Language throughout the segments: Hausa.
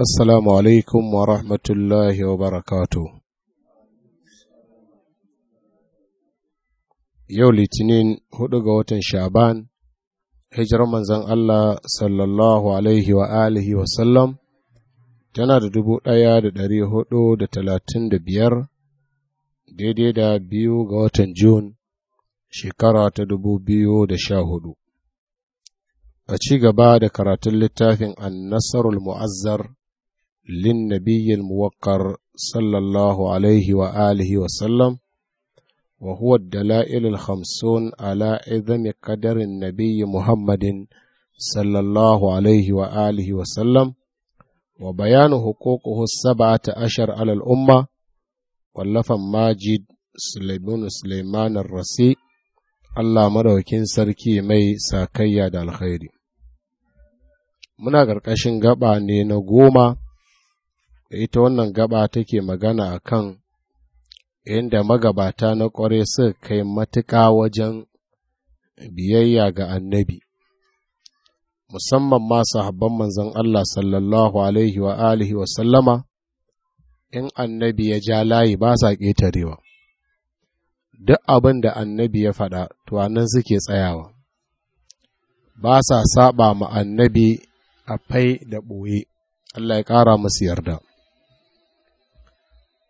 Assalamu alaikum wa rahmatullahi wa barakatu. Yau Litinin hudu ga watan Shaban, hijirar manzan Allah sallallahu alaihi wa alihi wa sallam tana da dubu ɗaya da ɗari hudu da talatin da biyar daidai da biyu ga watan Jun shekara ta dubu biyu da sha hudu. A ci gaba da karatun littafin An-Nasarul Mu'azzar للنبي الموقر صلى الله عليه وآله وسلم وهو الدلائل الخمسون على عظم قدر النبي محمد صلى الله عليه وآله وسلم وبيان حقوقه السبعة عشر على الأمة واللفا ماجد سليمان سليمان الرسي Allah madaukin sarki mai sakayya da alkhairi. Muna ƙarƙashin gaba ne na goma ita wannan gaba take magana a kan inda magabata na ƙware suka kai matuƙa wajen biyayya ga annabi musamman ma habban manzon Allah sallallahu alaihi wa alihi wa sallama in annabi ya ja layi ba sa ƙetarewa duk abin da annabi ya faɗa tuwanin suke tsayawa ba sa saba ma annabi a fai da ɓoye Allah ya ƙara musu yarda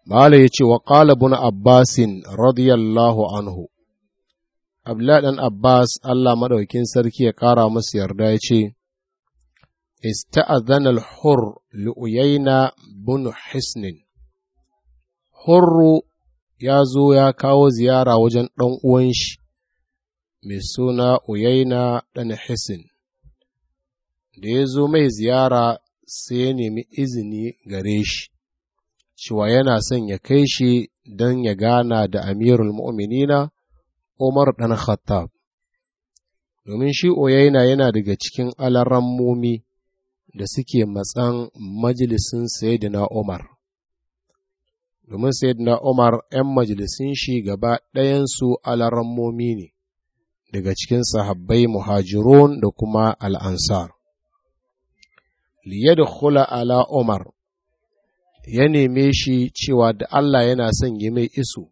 Mala ya ce wa ƙalabun Abbasin radiyallahu anhu, Abdullahi ɗan Abbas Allah maɗaukin sarki ya ƙara masu yarda ya ce, Ista'azan al-Hur li'uyaina bin Hisnin, Hurru ya zo ya kawo ziyara wajen ɗan uwan shi mai suna Uyaina ɗan Hisnin. da ya zo mai ziyara sai ya nemi izini gare shi. cewa yana son ya kai shi don ya gana da amirul mu'minina Umar ɗan Khattab. Domin shi Oyaina yana daga cikin alarammomi da suke matsan majalisin Sayyidina Umar. Domin Sayyidina Umar ‘yan majalisin shi gaba ɗayansu alarammomi ne daga cikin sahabbai muhajirun da kuma al'ansar. Liyar da ala Umar, ya neme shi cewa da Allah yana son yi mai iso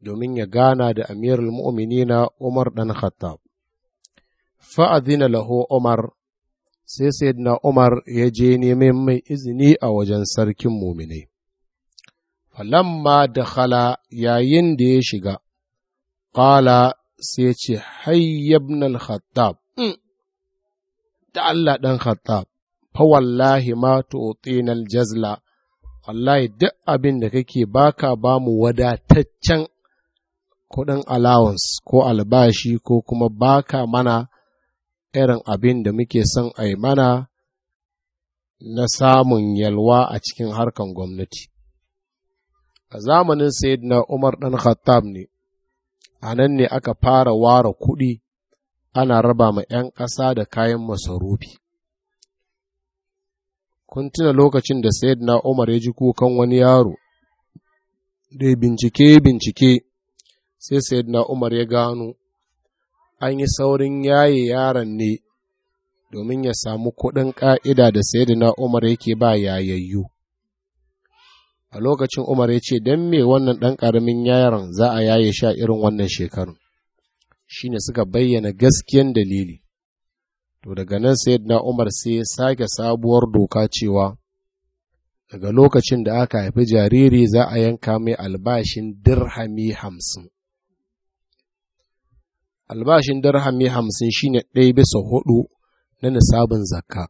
domin ya gana da amirul mu'minina Umar ɗan Khattab. Fa'adina laho Umar, sai Sayyidina Umar ya je neman mai izini a wajen sarkin muminai. Falamma da khala yayin da ya shiga, ƙala sai ce, Hayyabnal Khattab, mm, da Allah ɗan Khattab, fa wallahi ma tu'tinal jazla wallahi duk abin da kake baka ba mu wadataccen kuɗin allowance ko albashi ko kuma baka mana irin abin da muke son a mana na samun yalwa a cikin harkan gwamnati. A zamanin Sayyidina Umar ɗan Khattab ne, a nan ne aka fara ware kuɗi ana raba ma ‘yan ƙasa da kayan masarufi. kun tuna lokacin da na Umar ya ji kukan wani yaro da bincike bincike sai na Umar ya gano an yi saurin yaye yaron ne domin ya samu kuɗin ƙa'ida da na Umar yake ba yayayyu a lokacin Umar ya ce don me wannan ɗan ƙaramin yaron za a yaye sha irin wannan shekarun shi ne suka bayyana gaskiyan dalili to daga nan sayyidina umar sai ya sake sabuwar doka cewa daga lokacin da aka haifi jariri za a yanka mai albashin dirhami hamsin albashin dirhami hamsin shine ɗaya bisa hudu na nisabin zakka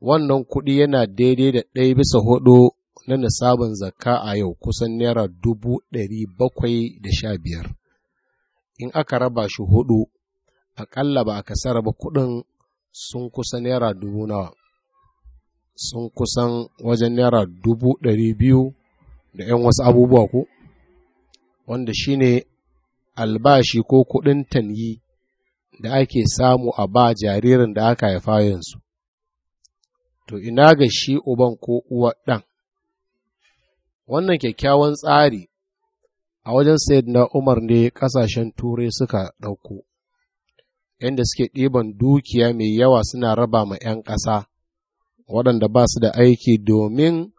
wannan kuɗi yana daidai da ɗaya bisa hudu na nisabin zakka a yau kusan naira dubu ɗari bakwai da sha biyar in aka raba shi hudu aƙalla ba a kasar ba kuɗin sun kusa naira dubu nawa sun kusan wajen naira dubu ɗari biyu da ‘yan wasu abubuwa ko wanda shi ne albashi ko kuɗin tanyi da ake samu a ba jaririn da aka haifa yanzu to ina ga shi uban ko uwa ɗan wannan kyakkyawan tsari a wajen na umar ne ƙasashen turai suka ɗauko inda suke ɗiban dukiya mai yawa suna raba ma 'yan ƙasa waɗanda ba su da aiki domin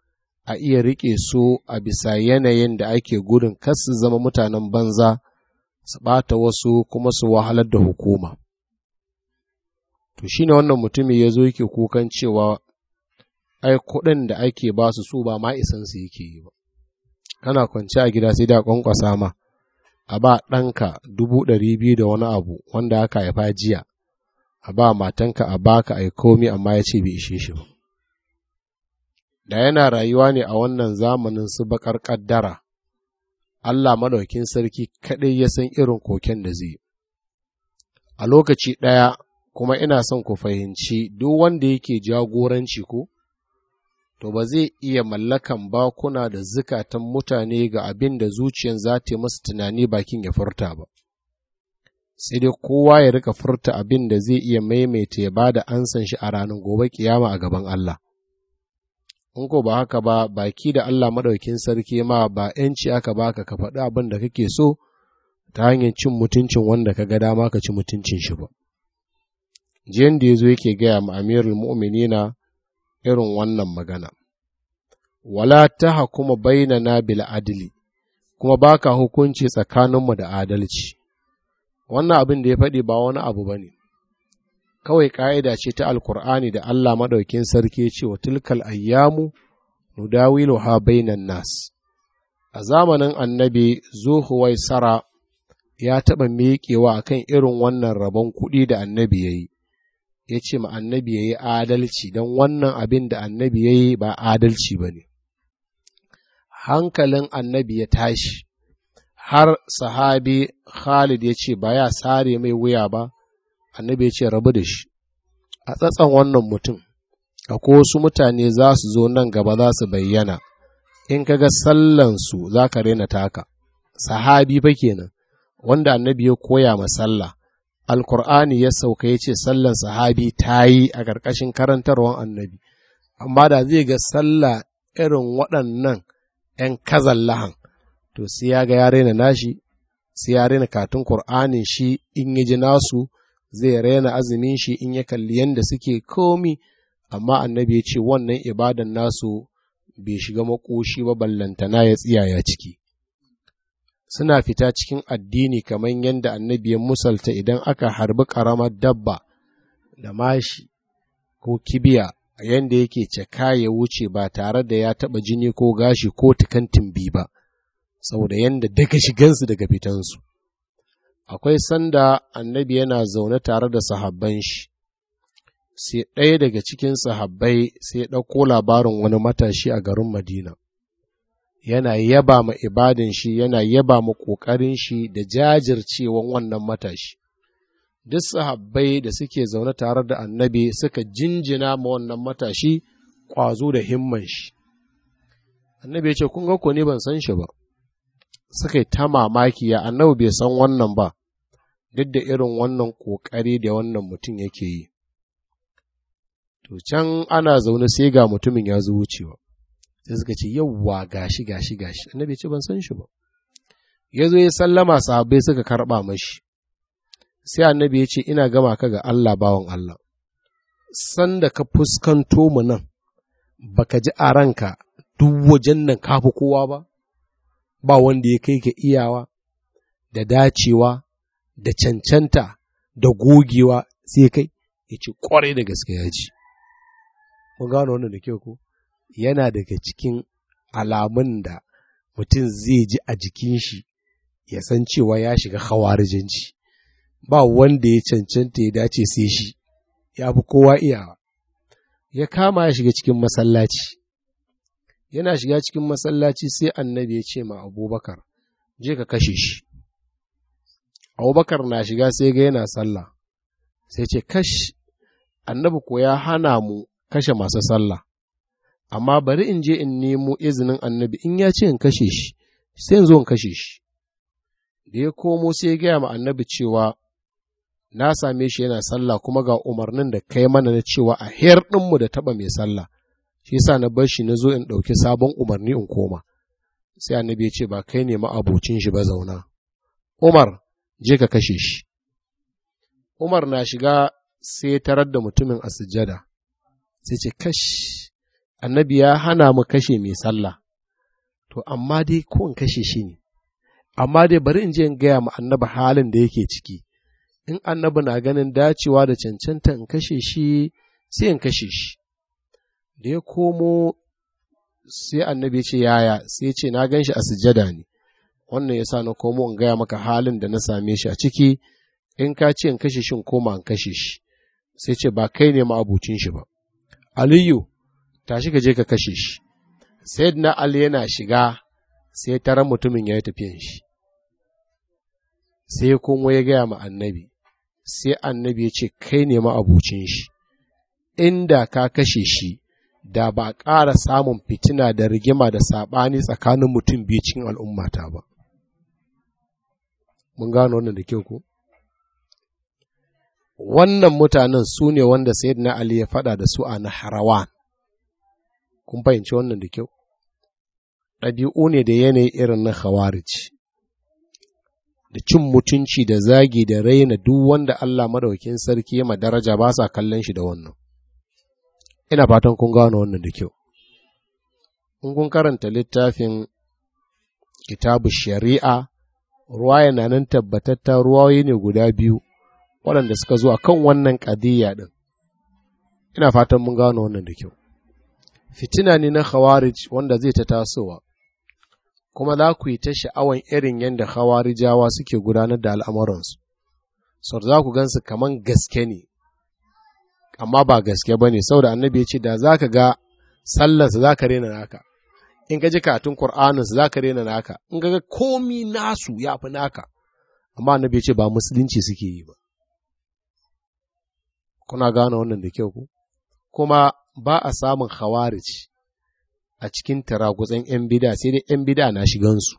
a iya riƙe su a bisa yanayin da ake gudun kar su zama mutanen banza su ɓata wasu kuma su wahalar da hukuma. To shi wannan mutumi ya zo yake kukan cewa ai kuɗin da ake ba su su ba ma isan su yake yi ba. Kana kwance a gida sai da ƙwanƙwasa ma, a ba ɗanka dubu ɗari biyu da wani abu wanda aka haifa jiya a ba matanka a baka ai komi amma ya ce bai ishe shi ba da yana rayuwa ne a wannan zamanin su baƙar ƙaddara Allah maɗaukin sarki kaɗai ya san irin koken da zai a lokaci ɗaya kuma ina son ku fahimci duk wanda yake jagoranci ko to ba zai iya mallakan bakuna da zukatan mutane ga abin da zuciyan za ta masa tunani bakin ya furta ba. Sai dai kowa ya rika furta abin da zai iya maimaita ya ba da ansan shi a ranar gobe kiyama a gaban Allah. In ko ba haka ba, baki da Allah maɗaukin sarki ma ba ‘yanci aka baka ka faɗi abin da kake so ta hanyar cin mutuncin wanda ka ga dama ka ci mutuncin shi ba. Jiyan da ya zo yake gaya ma Amirul Mu'minina irin wannan magana. Wala ta hakuma na bil adili, kuma baka hukunci tsakaninmu da adalci. Wannan abin da ya faɗi ba wani abu ba ne, kawai ƙa'ida ce ta Alƙur'ani da Allah maɗaukin sarki ce wa tilkal ayyamu ha bainan nas. A zamanin annabi Zuhuwai Sara ya taɓa miƙewa akan irin wannan rabon kuɗi da annabi ya yi. ya ce ma annabi ya yi adalci don wannan abin da annabi ya yi ba adalci ba ne. Hankalin annabi ya tashi, har sahabi Khalid ya ce ba ya sare mai wuya ba, annabi ya ce rabu da shi. A tsatsan wannan mutum, akwai wasu mutane za su zo nan gaba za su bayyana, in ka ga sallansu za ka raina taka, sahabi ba kenan, wanda annabi ya koya ma sallah. alkur'ani ya sauka ya ce sallan sahabi ta yi a ƙarƙashin karantarwar annabi amma da zai ga sallah irin waɗannan ‘yan kazan lahan to sai ya ga ya raina nashi sai ya raina katun ƙur'anin shi in ya ji nasu zai raina azumin shi in ya kalli yadda suke komi amma annabi ya ce wannan ibadan nasu bai shiga makoshi ba ballantana ya ya ciki suna fita cikin addini kamar yadda annabi ya musalta idan aka harbi ƙaramar dabba da mashi ko kibiya a yadda yake caka ya wuce ba tare da ya taɓa jini ko gashi ko tukantin bi ba saboda yadda daga shigansu daga fitansu akwai sanda annabi yana zaune tare da sahabban shi sai ɗaya daga cikin sahabbai sai ya ɗauko labarin wani matashi a garin madina yana yaba ma ibadan shi yana yaba ma ƙoƙarin shi da jajircewan wannan matashi duk sahabbai da suke zaune tare da annabi suka jinjina ma wannan matashi ƙwazo da himman shi annabi ya ce kun ga ko ne ban san shi ba suka yi ta mamaki ya annabi bai san wannan ba duk da irin wannan ƙoƙari da wannan mutum yake yi to can ana zaune sai ga mutumin ya zo wucewa sai suka ce yawwa gashi gashi gashi annabi ya ce ban san shi ba ya zo ya sallama sahabbai suka karɓa mashi sai annabi ya ce ina gama ka ga Allah bawon Allah sanda ka fuskanto mu nan baka ji a ranka duk wajen nan kafi kowa ba ba wanda ya kai ka iyawa da dacewa da cancanta da gogewa sai kai ya ce kwarai da gaske ya ji mun gano wannan da kyau ko yana daga cikin alamun da mutum zai ji a jikin shi ya san cewa ya shiga hawarijanci ba wanda ya cancanta ya dace sai shi ya fi kowa iyawa ya kama ya shiga cikin masallaci yana shiga cikin masallaci sai annabi ya ce ma abubakar je ka kashe shi abubakar na shiga sai ga yana sallah sai ce kash annabi ko ya hana mu kashe masu sallah amma bari in je in nemo izinin annabi in ya ce in kashe shi sai in zo in kashe shi da ya komo sai ya gaya ma annabi cewa na same shi yana sallah kuma ga umarnin da kai mana na cewa a her ɗinmu da taɓa mai sallah shi yasa na bar shi na zo in ɗauki sabon umarni in koma sai annabi ya ce ba kai ne ma'abocin shi ba zauna umar je ka kashe shi umar na shiga sai ya tarar da mutumin a sujjada sai ce kashi annabi ya hana mu kashe mai sallah to amma dai ko in kashe shi ne amma dai bari in je in gaya ma annabi halin da yake ciki in annabi na ganin dacewa da cancanta in kashe shi sai in kashe shi da ya komo sai annabi ce yaya sai ce na gan shi a sujada ne wannan yasa na komo in gaya maka halin da na same shi a ciki in ka ce in kashe shi in koma in kashe shi sai ce ba kai ne ma abucin shi ba aliyu tashi ka je ka kashe shi na ali yana shiga sai taron mutumin ya yi tafiyan shi sai kuma ya gaya ma annabi sai annabi ya ce kai ne ma'abucin shi inda ka kashe shi da ba ƙara samun fitina da rigima da saɓani tsakanin mutum biyu cikin al'ummata ba. Mun gano wannan da kyau ko? Wannan mutanen su ne wanda Sayyidina Ali ya faɗa da su a Naharawan. kun fahimci wannan da kyau ɗabi'u ne da yanayi irin na khawarij da cin mutunci da zagi da raina duk wanda Allah madaukin sarki ma daraja ba sa kallon shi da wannan ina fatan kun gano wannan da kyau in kun karanta littafin kitabu shari'a ruwa yana nan tabbatatta ruwayoyi ne guda biyu waɗanda suka zo kan wannan ƙadiyya ɗin ina fatan mun gano wannan da kyau fitina ne na khawarij wanda zai ta tasowa kuma za ku yi ta sha'awan irin yadda khawarijawa suke gudanar da al'amuransu sau za ku gansu kaman gaske ne amma ba gaske ba ne saboda annabi ya ce da za ka ga sallarsa za ka rena naka in ka ji katun za ka rena naka in ka ga komi nasu ya fi naka amma annabi ya ce ba musulunci suke yi ba kuna gane wannan da kyau ku kuma ba a samun hawarici a cikin taragutsen 'yan bida sai dai 'yan bida na shigansu.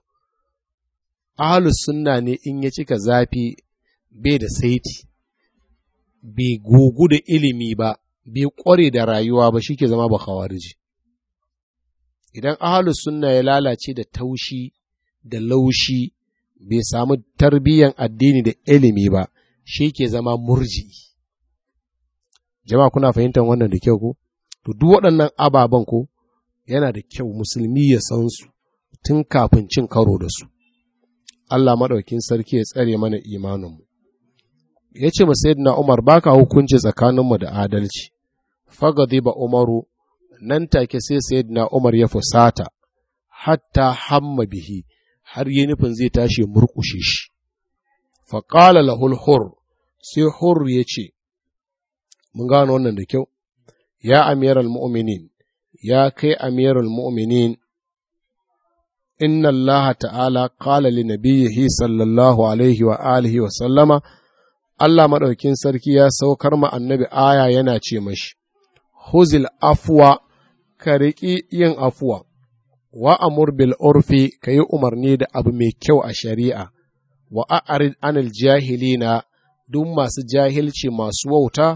Ahalus sunna ne in ya cika zafi bai da saiti, bai gugu da ilimi ba, bai ƙware da rayuwa ba shi ke zama ba khawariji. Idan ahalus sunna ya lalace da taushi da laushi bai samu tarbiyyar addini da ilimi ba, shi ke zama murji. Jama'a kuna fahimtar wannan da kyau ko? To, duk waɗannan ababen ko yana da kyau musulmi ya san su tun kafin cin karo da su. Allah maɗaukin sarki ya tsare mana imaninmu. Ya ce Sayyidina Umar baka hukunci tsakanin mu da adalci, fagadi Umaru nan take sai Sayyidina Umar ya fusata, hatta hamma bihi har yi nufin zai tashi murkushe shi. Faƙala lahul hur sai hur ya ce, Mun gano wannan da kyau, ya amiral mu'minin ya kai amiral mu'minin inna allaha ta'ala qala li nabiyhi sallallahu alaihi wa alihi wa sallama Allah maɗaukin sarki ya saukar ma annabi aya yana ce mashi huzil afwa ka riƙi yin afuwa wa amur bil urfi ka yi umarni da abu mai kyau a shari'a wa a'rid anil jahilina duk masu jahilci masu wauta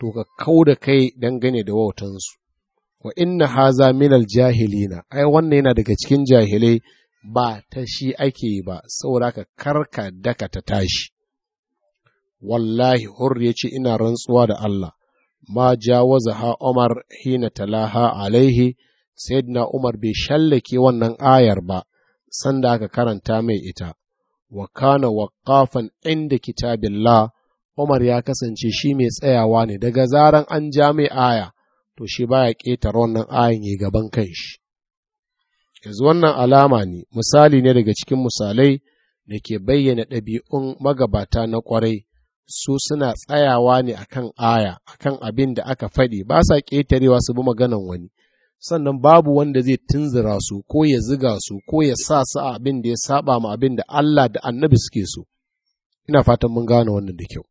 to ka kau da kai dangane da wautansu. Wa inna haza minal jahilina, ai wannan yana daga cikin jahilai ba ta shi ake yi ba, saura ka karka daka ta tashi. Wallahi, hur ya ce ina rantsuwa da Allah, ma jawaza ha Umar hina talaha alaihi, Sayyidina Umar bai shallake wannan ayar ba, sanda aka karanta mai ita, wa kana waqqafan inda kitabillah Umar ya kasance shi mai tsayawa ne daga zaran an ja mai aya, to shi baya ƙetare wannan ayan yi gaban kanshi. Yanzu wannan alama ne, misali ne daga cikin misalai da ke bayyana ɗabi'un magabata na ƙwarai, su suna tsayawa ne akan aya, akan abin da aka faɗi, ba sa ƙetarewa su bi maganan wani. sannan babu wanda zai tunzura su ko ya ziga su ko ya sa su a abin da ya saba ma abin da Allah da annabi suke so. Ina fatan mun gane wannan da kyau.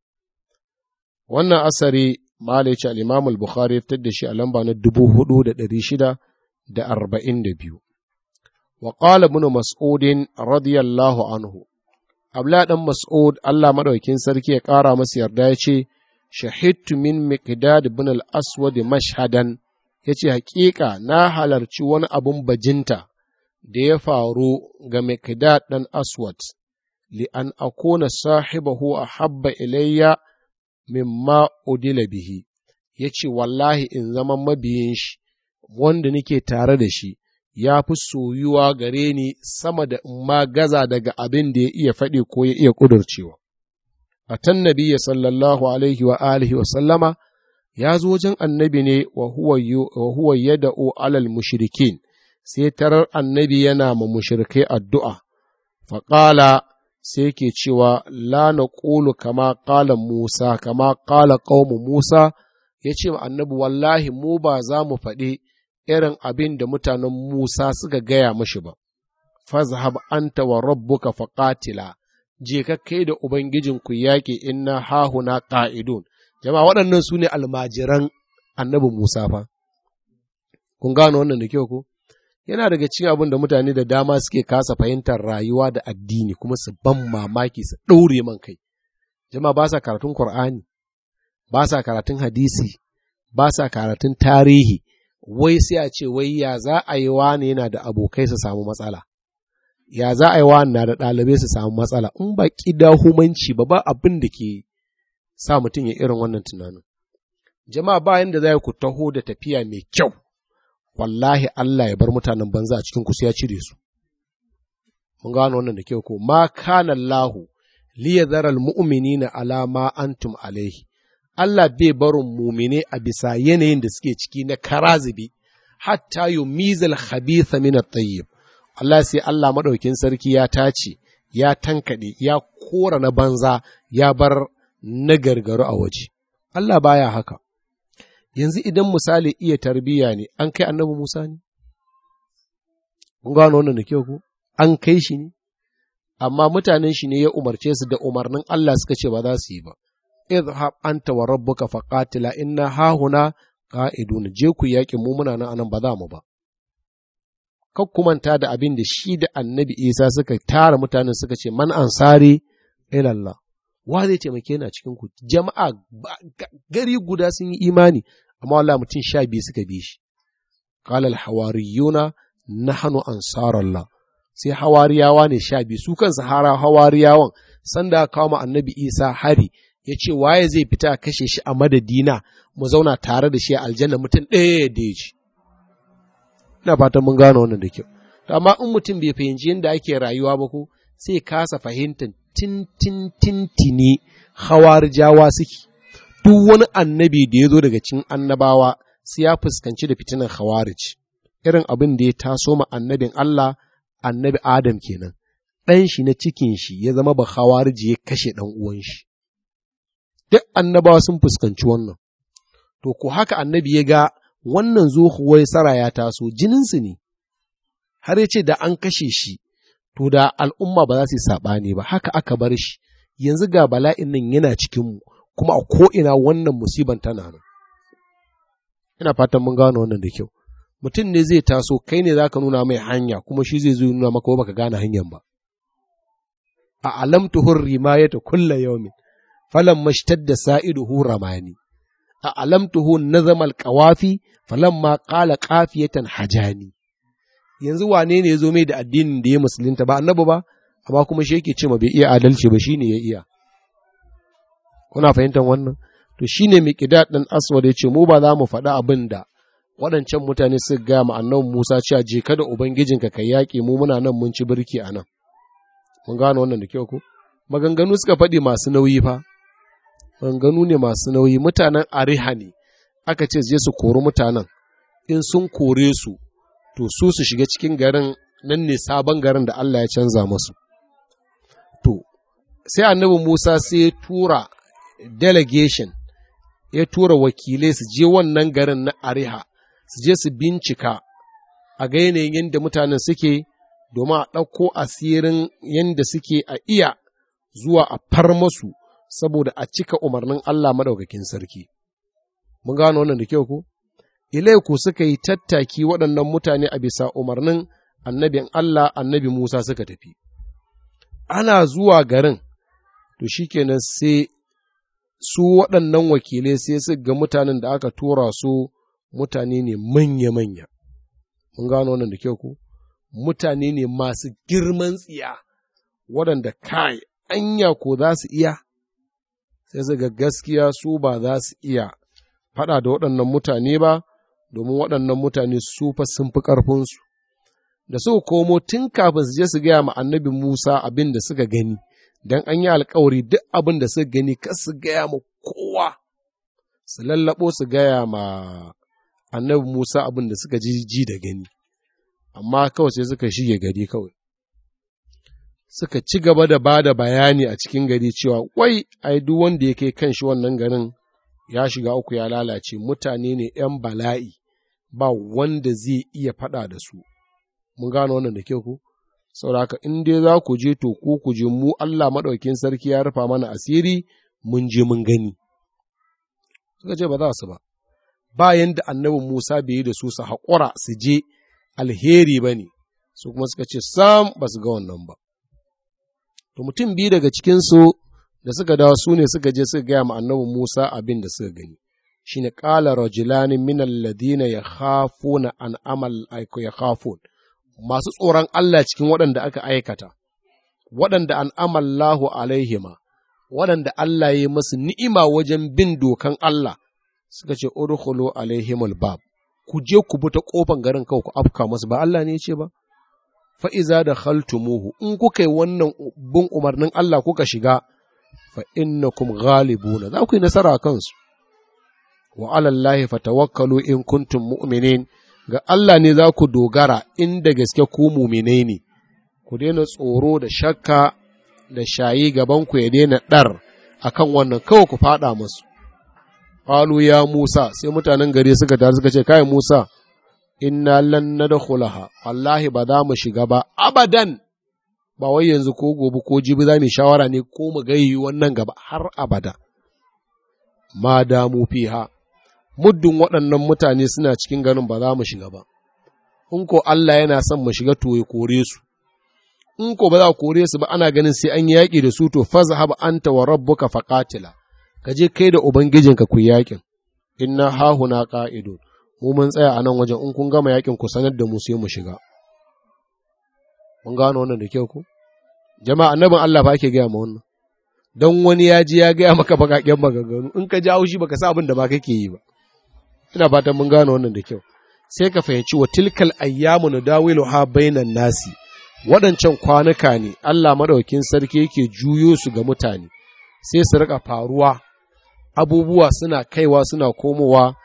wannan asari malice al Limamul al-bukhari fitar da shi a lamba na dubu hudu da da shida arba'in biyu wa ƙala ibn Mas'udin radiyallahu anhu abla ɗan mas'ud Allah maɗaukin sarki ya ƙara masa yarda ya ce shahidtu min miqdad ibn al-aswad mashhadan yace haƙiƙa na halarci wani abun bajinta da ya faru ga miqdad ɗan aswad li an akuna sahibahu ahabba ilayya mimma udila bihi ya ce wallahi in zama mabiyin shi wanda nake tare da shi ya fi soyuwa gare ni sama da in ma gaza daga abin da ya iya faɗi ko ya iya ƙudurcewa. A tan nabiya sallallahu alaihi wa alihi wa sallama ya zo wajen annabi ne wa huwa yada'u alal mushrikin sai tarar annabi yana ma mushrikai addu'a. Faƙala sai ke cewa la na ƙulu kama ƙalan Musa, kama ƙala ƙaumu Musa, ya ce ma annabi wallahi mu ba za mu faɗi irin abin da mutanen Musa suka gaya mashi ba. Fazhab anta wa rabbuka faqatila je ka kai da Ubangijinku yaƙi inna hahuna ƙa'idun. Jama'a waɗannan su ne almajiran annabi Musa fa. Kun gano wannan da kyau ko? yana daga cikin abin da mutane da dama suke kasa fahimtar rayuwa da addini kuma su ban mamaki su ɗaure man kai jama ba sa karatun Kur'ani, ba sa karatun hadisi ba sa karatun tarihi wai sai a ce wai ya za a yi wani yana da abokai su samu matsala ya za a yi wani na da ɗalibai su samu matsala in ba humanci ba ba abin da ke sa mutum ya irin wannan tunanin jama'a ba yadda za ku taho da tafiya mai kyau wallahi Allah ya bar mutanen banza a cikin ku ya cire su mun gano wannan da kyau ko ma kana Allahu liyadhara almu'minina ala ma antum alaihi Allah bai barin mumine a bisa yanayin da suke ciki na karazibi hatta yumizal khabitha min at-tayyib Allah sai Allah maɗaukin sarki ya tace ya tankade ya kora na banza ya bar na gargaru a waje Allah baya haka yanzu idan misali iya tarbiyya ne an kai annabi Musa ne kun gano wannan da kyau ko an kai shi ne amma mutanen shi ne ya umarce su da umarnin Allah suka ce ba za su yi ba idhab anta wa rabbuka faqatila inna hahuna qa'idun je ku yaƙi mu muna nan anan ba za mu ba kak kumanta da abin da shi da annabi Isa suka tara mutanen suka ce man ansari ila Allah wa zai taimake ni a cikin ku jama'a gari guda sun yi imani amma Allah mutum sha biyu suka bi shi kalal al-hawariyuna nahnu ansarullah sai hawariyawa ne sha biyu su kansu hara hawariyawan sanda kawo ma annabi isa hari ya ce waye zai fita kashe shi a madadina mu zauna tare da shi a aljanna mutum ɗaya ya ji ina fatan mun gano wannan da kyau amma in mutum bai fahimci yadda ake rayuwa ba ko sai kasa fahimtar tintin tintini hawar jawa suke duk wani annabi da ya zo daga cin annabawa sai ya fuskanci da fitinan khawarij irin abin da ya taso ma annabin Allah annabi Adam kenan ɗan shi na cikin shi ya zama ba khawarij ya kashe ɗan uwan shi duk annabawa sun fuskanci wannan to ko haka annabi ya ga wannan zuhuwar sara ya taso jininsu ne har ya ce da an kashe shi to da al'umma ba za su yi saɓani ba haka aka bar shi yanzu ga bala'in nan yana cikin mu kuma a ko'ina wannan musiban tana nan. Ina fatan mun gano wannan da kyau. Mutum ne zai taso, kai ne za ka nuna mai hanya, kuma shi zai zo nuna maka baka gane hanyar ba. A alamtu hurri ma ya ta kulla yau min, falan mashtar da sa'idu hura A alamtu hun nazamal kawafi, falan ma ƙala ƙafiyatan hajani. Yanzu wane ne ya zo mai da addinin da ya musulunta ba annabu ba, amma kuma shi yake ce ma bai iya adalci ba shi ne ya iya. kuna fahimtar wannan to shine miqdad dan aswad yace mu ba za mu faɗi abin da waɗancan mutane su ga mu annabi Musa cewa je kada ubangijinka kai yaƙi mu muna nan mun ci birki anan mun gano wannan da kyau ko maganganu suka faɗi masu nauyi fa maganganu ne masu nauyi mutanen ariha ne aka ce je su kori mutanen in sun kore su to su su shiga cikin garin nan ne sabon garin da Allah ya canza musu to sai annabi Musa sai ya tura delegation ya tura wakilai su je wannan garin na ariha su je su bincika a ga yanayin yadda mutanen suke domin a ɗauko asirin yadda suke a iya zuwa a far masu saboda a cika umarnin Allah maɗaukakin sarki. Mun gano wannan da kyau ko? Ilaiku suka yi tattaki waɗannan mutane a bisa umarnin annabin Allah annabi Musa suka tafi. Ana zuwa garin, to shi kenan sai su waɗannan wakilai sai su ga mutanen da aka tura su mutane ne manya-manya. Mun gano wannan da kyau ku? Mutane ne masu girman tsiya waɗanda kai anya ko za su iya, sai su ga gaskiya su ba za su iya faɗa da waɗannan mutane ba, domin waɗannan mutane su fa sun fi ƙarfinsu. Da su komo tun kafin su je su gaya ma annabi Musa abin da suka gani, don an yi alkawari duk abin da suka gani ka su gaya ma kowa su lallaɓo su gaya ma annabi Musa abin da suka ji da gani, amma kawai sai suka shige gari kawai. Suka ci gaba da ba da bayani a cikin gari cewa wai ai duk wanda ya kai kan shi wannan garin ya shiga uku ya lalace mutane ne ‘yan bala'i ba wanda zai iya faɗa da su. Mun gano wannan da ke ku? sauraka in dai za ku je to ko ku je mu Allah maɗaukin sarki ya rufa mana asiri mun je mun gani suka ce ba za su ba bayan da annabin Musa bai yi da su su haƙura su je alheri ba ne su kuma suka ce sam ba su ga wannan ba to mutum biyu daga cikinsu da suka dawo su ne suka je suka gaya ma annabin Musa abin da suka gani shine qala rajulani min alladhina yakhafuna an amal ya yakhafun masu tsoron Allah cikin waɗanda aka aikata, waɗanda an amallahu alaihima, waɗanda Allah ya yi masu ni'ima wajen bin dokan Allah, suka ce, Urhulu alaihimul bab, ku je ku bi ta ƙofan garin kawai ku afka masu ba Allah ne ya ce ba? Fa'iza da haltumuhu, in kuka yi wannan bin umarnin Allah kuka shiga, fa innakum ghalibuna za ku yi nasara kansu. Wa alallahi fatawakkalu in kuntun mu'minin. ga Allah ne za ku dogara inda gaske ku muminai ne, ku daina tsoro da shakka da shayi gaban ku ya daina ɗar a kan wannan kawai ku faɗa masu. Falu ya Musa sai mutanen gari suka tare suka ce, Kai Musa, ina lan na da hulaha, wallahi ba za mu shiga ba, abadan ba wai yanzu ko gobe ko jibi za mu shawara ne ko mu gayi wannan gaba har abada. Ma damu fiha, muddin waɗannan mutane suna cikin ganin ba za mu shiga ba in ko Allah yana son mu shiga to ya kore su in ko ba za a kore su ba ana ganin sai an yi yaƙi da su to an ta wa rabbuka faqatila ka je kai da ubangijinka ku yaƙin in hahu hahuna ƙa’ido, mu mun tsaya a nan wajen in kun gama yaƙin ku sanar da mu sai mu shiga mun gano wannan da kyau ko jama'a annabin Allah fa ake gaya ma wannan don wani ya ji ya gaya maka baƙaƙen maganganu in ka haushi ba baka sa abin da ba kake yi ba ina fatan mun gano wannan da kyau sai ka fahimci wa tilkal ayyamu dawilu ha bainan nasi waɗancan kwanuka ne Allah madaukin sarki yake juyo su ga mutane sai su rika faruwa abubuwa suna kaiwa suna komowa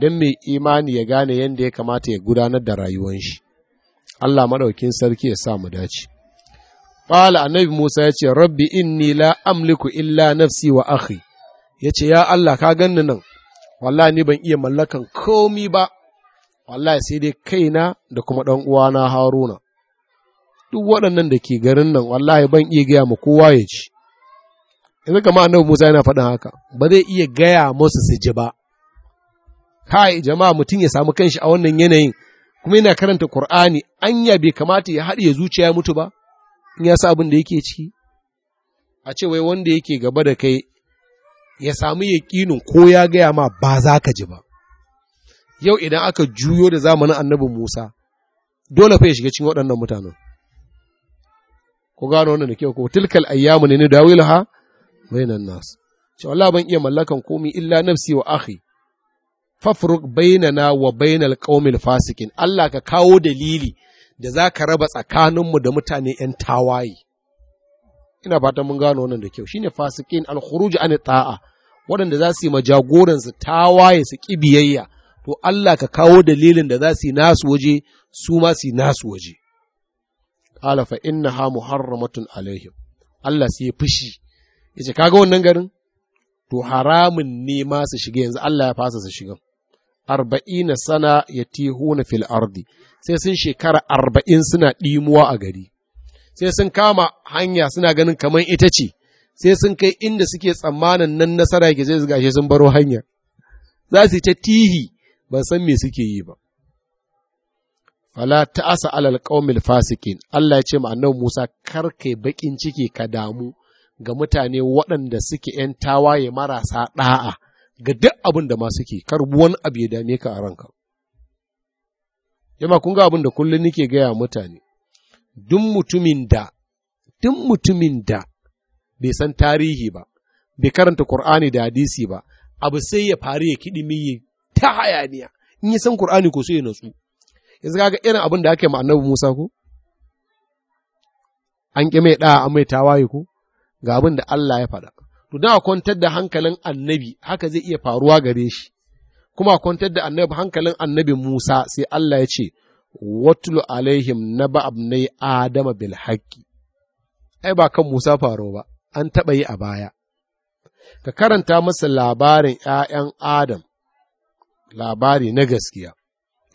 don mai imani ya gane yadda ya kamata ya gudanar da rayuwan shi Allah madaukin sarki ya sa mu dace Ƙala annabi Musa ya ce, Rabbi inni la amliku illa nafsi wa akhi, ya ce, Ya Allah, ka ganni nan, wallahi ni ban iya mallakan komi ba wallahi sai dai kaina da kuma ɗan uwana haruna duk waɗannan da ke garin nan wallahi ban iya gaya ma kowa ya ci yanzu kama annabi Musa yana faɗin haka ba zai iya gaya musu su ji ba kai jama'a mutum ya samu kanshi a wannan yanayin kuma yana karanta Qur'ani anya bai kamata ya haɗe zuciya mutu ba in ya sa abin da yake ciki a ce wai wanda yake gaba da kai ya samu yaƙinin ko ya gaya ma ba za ka ji ba yau idan aka juyo da zamanin annabin Musa dole fa ya shiga cikin waɗannan mutanen ku gano wannan da kyau ko tilkal ayyamu ne dawilaha bainan nas ce wallahi ban iya mallakan komi illa nafsi wa akhi fafruk bainana wa bainal qaumil fasikin Allah ka kawo dalili da zaka raba tsakaninmu da mutane 'yan tawaye ina fatan mun gano wannan da kyau shine fasikin al-khuruj an ta'a waɗanda za su yi ma su tawaye su kibiyayya to Allah ka kawo dalilin da za su yi nasu waje su ma su yi nasu waje qala fa innaha muharramatun alaihim Allah sai ya fushi yace kaga wannan garin to haramun ne ma su shiga yanzu Allah ya fasa su shiga 40 sana yatihuna fil ardi sai sun shekara arba'in suna ɗimuwa a gari sai sun kama hanya suna ganin kamar ita ce sai sun kai inda suke tsammanin nan nasara ke zai gashe sun baro hanya za su ta tihi ban san me suke yi ba fala ta'asa alal qaumil fasikin Allah ya ce ma Musa kar kai bakin ciki ka damu ga mutane waɗanda suke ‘yan tawaye marasa ɗa'a ga duk abin da ma suke, buwan abu ya dame ka a ranka. Yama kun ga abin da kullum nike gaya mutane, duk mutumin da, duk mutumin da bai san tarihi ba, bai karanta Kur'ani da hadisi ba, abu sai ya faru ya kiɗi miyi ta hayaniya, in yi san Kur'ani ko sai ya natsu. Yanzu kaga irin abin da ake ma annabi Musa ko? An ƙi mai ɗa an mai tawaye ko? Ga abin da Allah ya faɗa. To da kwantar da hankalin annabi haka zai iya faruwa gare shi. Kuma kwantar da annabi hankalin annabi Musa sai Allah ya ce, watlu alaihim na ba'abnai adama bil haqqi ai ba kan Musa faro ba an taɓa yi a baya ka karanta masa labarin ‘ya'yan Adam labari na gaskiya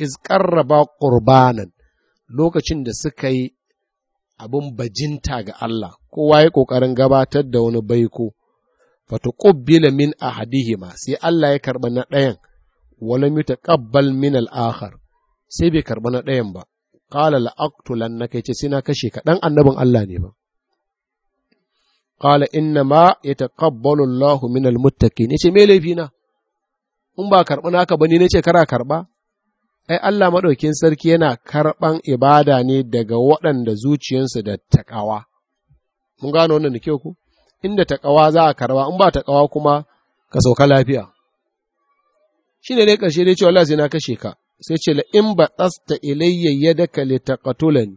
iz ƙarraba ƙurbanan lokacin da suka yi abin bajinta ga Allah kowa ya ƙoƙarin gabatar da wani baiko fatuqabbila min ahadihima sai Allah ya karɓa na ɗayan wala mutaqabbal min al-akhar sai bai karɓi na ɗayan ba ƙala la'aqtulan naka kai sai na kashe ka Ɗan annabin Allah ne ba Ƙala inna ma yataqabbalu Allahu min ne ce me laifi na in ba karɓi naka ba ni ce kara karɓa ai Allah maɗaukin sarki yana karɓan ibada ne daga waɗanda zuciyarsu da taƙawa. mun gano wannan da kyau ku inda taƙawa za a karɓa in ba taƙawa kuma ka sauka lafiya shine dai ƙarshe dai cewa Allah sai na kashe ka sai ce la in ba tsasta ilayya ka li taqatulani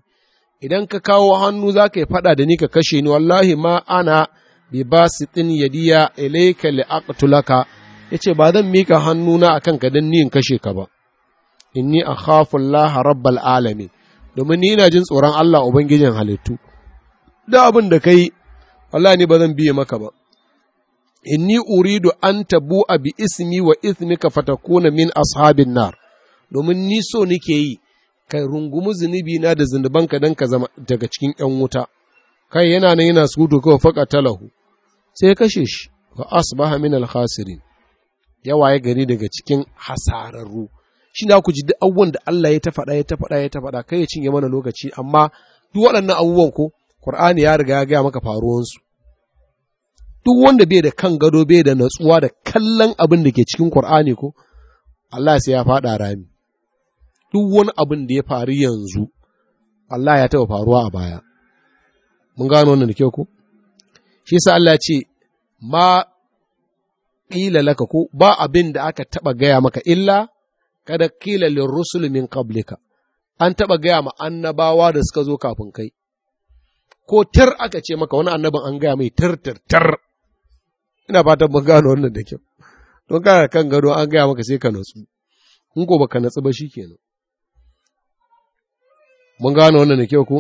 idan ka kawo hannu za ka yi faɗa da ni ka kashe ni wallahi ma ana bi tsin yadiya ilayka li aqtulaka ce ba zan mika hannuna akan ka don ni in kashe ka ba inni akhafu Allah rabbal alamin domin ni ina jin tsoron Allah ubangijin halittu da abin da kai wallahi ni ba zan biye maka ba inni uridu an tabu bi ismi wa ismi ka fatakuna min ashabin nar domin ni so nake yi ka rungumi zunubi na da ka don ka zama daga cikin ‘yan wuta, kai yana nan yana sukutu kawai faƙa talahu, sai kashe shi, fa asbaha min alhasirin, ya waye gari daga cikin hasararru. Shi na ku ji duk abubuwan da Allah ya ta faɗa ya ta faɗa ya ta faɗa kai ya cinye mana lokaci, amma duk waɗannan abubuwan ko, Ƙur'ani ya riga ya gaya maka faruwansu. Duk wanda bai da kan gado bai da natsuwa da kallon abin da ke cikin Ƙur'ani ko, Allah sai ya faɗa rami. duk wani abin da ya faru yanzu Allah ya taba faruwa a baya mun gano wannan da kyau ko shi sa Allah ce ma ƙila laka ko ba abin da aka taba gaya maka illa kada ƙila lirrusul min qablika an taɓa gaya ma annabawa da suka zo kafin kai ko tar aka ce maka wani annabin an gaya mai tar tar tar ina fatan mun gano wannan da kyau don kana kan gado an gaya maka sai ka natsu in ko ka natsu ba shikenan mun gane wannan da kyau ku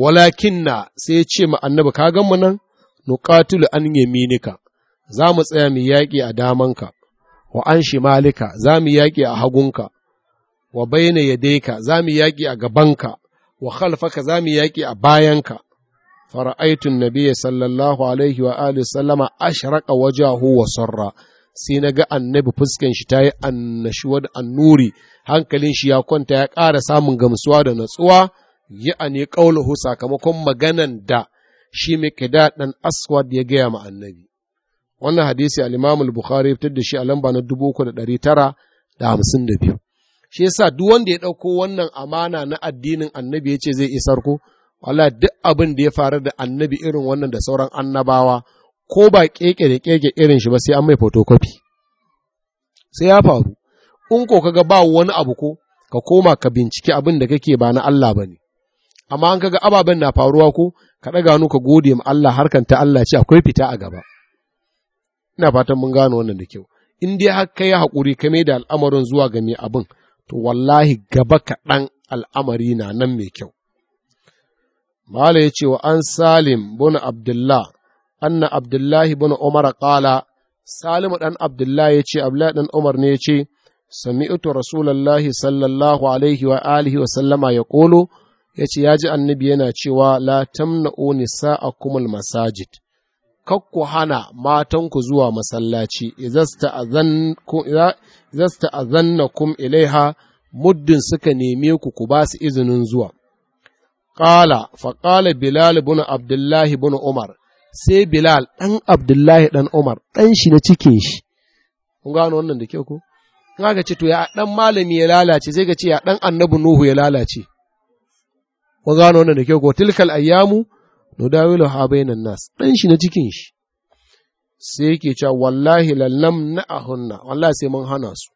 walakinna sai ce ma annabi ka gan mu nan nuqatulu an yaminika za mu tsaya mu yaƙi a daman ka. wa an shimalika za mu yaƙi a hagunka wa baina yadayka za mu yaƙi a gabanka wa khalfaka za mu yaƙi a bayan ka. fara'aitun nabiyya sallallahu alaihi wa alihi sallama ashraqa wajahu wa sarra sai na ga annabi fuskan shi ta yi annashuwa da annuri hankalin shi ya kwanta ya ƙara samun gamsuwa da natsuwa ya'ani hu sakamakon maganan da shi mai kida ɗan aswad ya gaya ma annabi wannan hadisi al-imam al-bukhari fitar da shi a lamba na dubu uku da ɗari tara da hamsin da biyu shi yasa duk wanda ya ɗauko wannan amana na addinin annabi ya ce zai isar ku wala duk abin da ya faru da annabi irin wannan da sauran annabawa ko ba keke da keke irin shi ba sai an mai photocopy sai ya faru in ko kaga ba wani abu ko ka koma ka bincike abin da kake ba na Allah bane ne amma an kaga ababen na faruwa ko ka ɗaga nu ka gode ma Allah harkan ta Allah ce akwai fita a gaba ina fatan mun gano wannan da kyau in dai har kai hakuri ka mai da al'amarin zuwa ga mai abin to wallahi gaba kaɗan al'amari na nan mai kyau Mala ya ce wa an Salim bin Abdullah anna Abdullahi bin Umar qala Salimu dan Abdullahi yace Abdullahi dan Umar ne yace sami'tu Rasulullahi sallallahu alaihi wa alihi wa sallama yaqulu yace yaji annabi yana cewa la tamna'u nisa'akumul masajid kakku hana matanku zuwa masallaci izasta azannakum ilaiha muddin suka neme ku ku ba su izinin zuwa. Ƙala, faƙala Bilal bin Abdullahi bin Umar, sai Bilal ɗan Abdullahi ɗan Umar ɗan shi na cikin shi. Kun gano wannan da kyau ko? In aka ce to ya ɗan malami ya lalace sai ka ce ya ɗan annabi Nuhu ya lalace. Kun gano wannan da kyau ko tilkal ayyamu nudawilu ha bainan nas ɗan shi na cikin shi. Sai yake cewa wallahi lallam na ahunna wallahi sai mun hana su.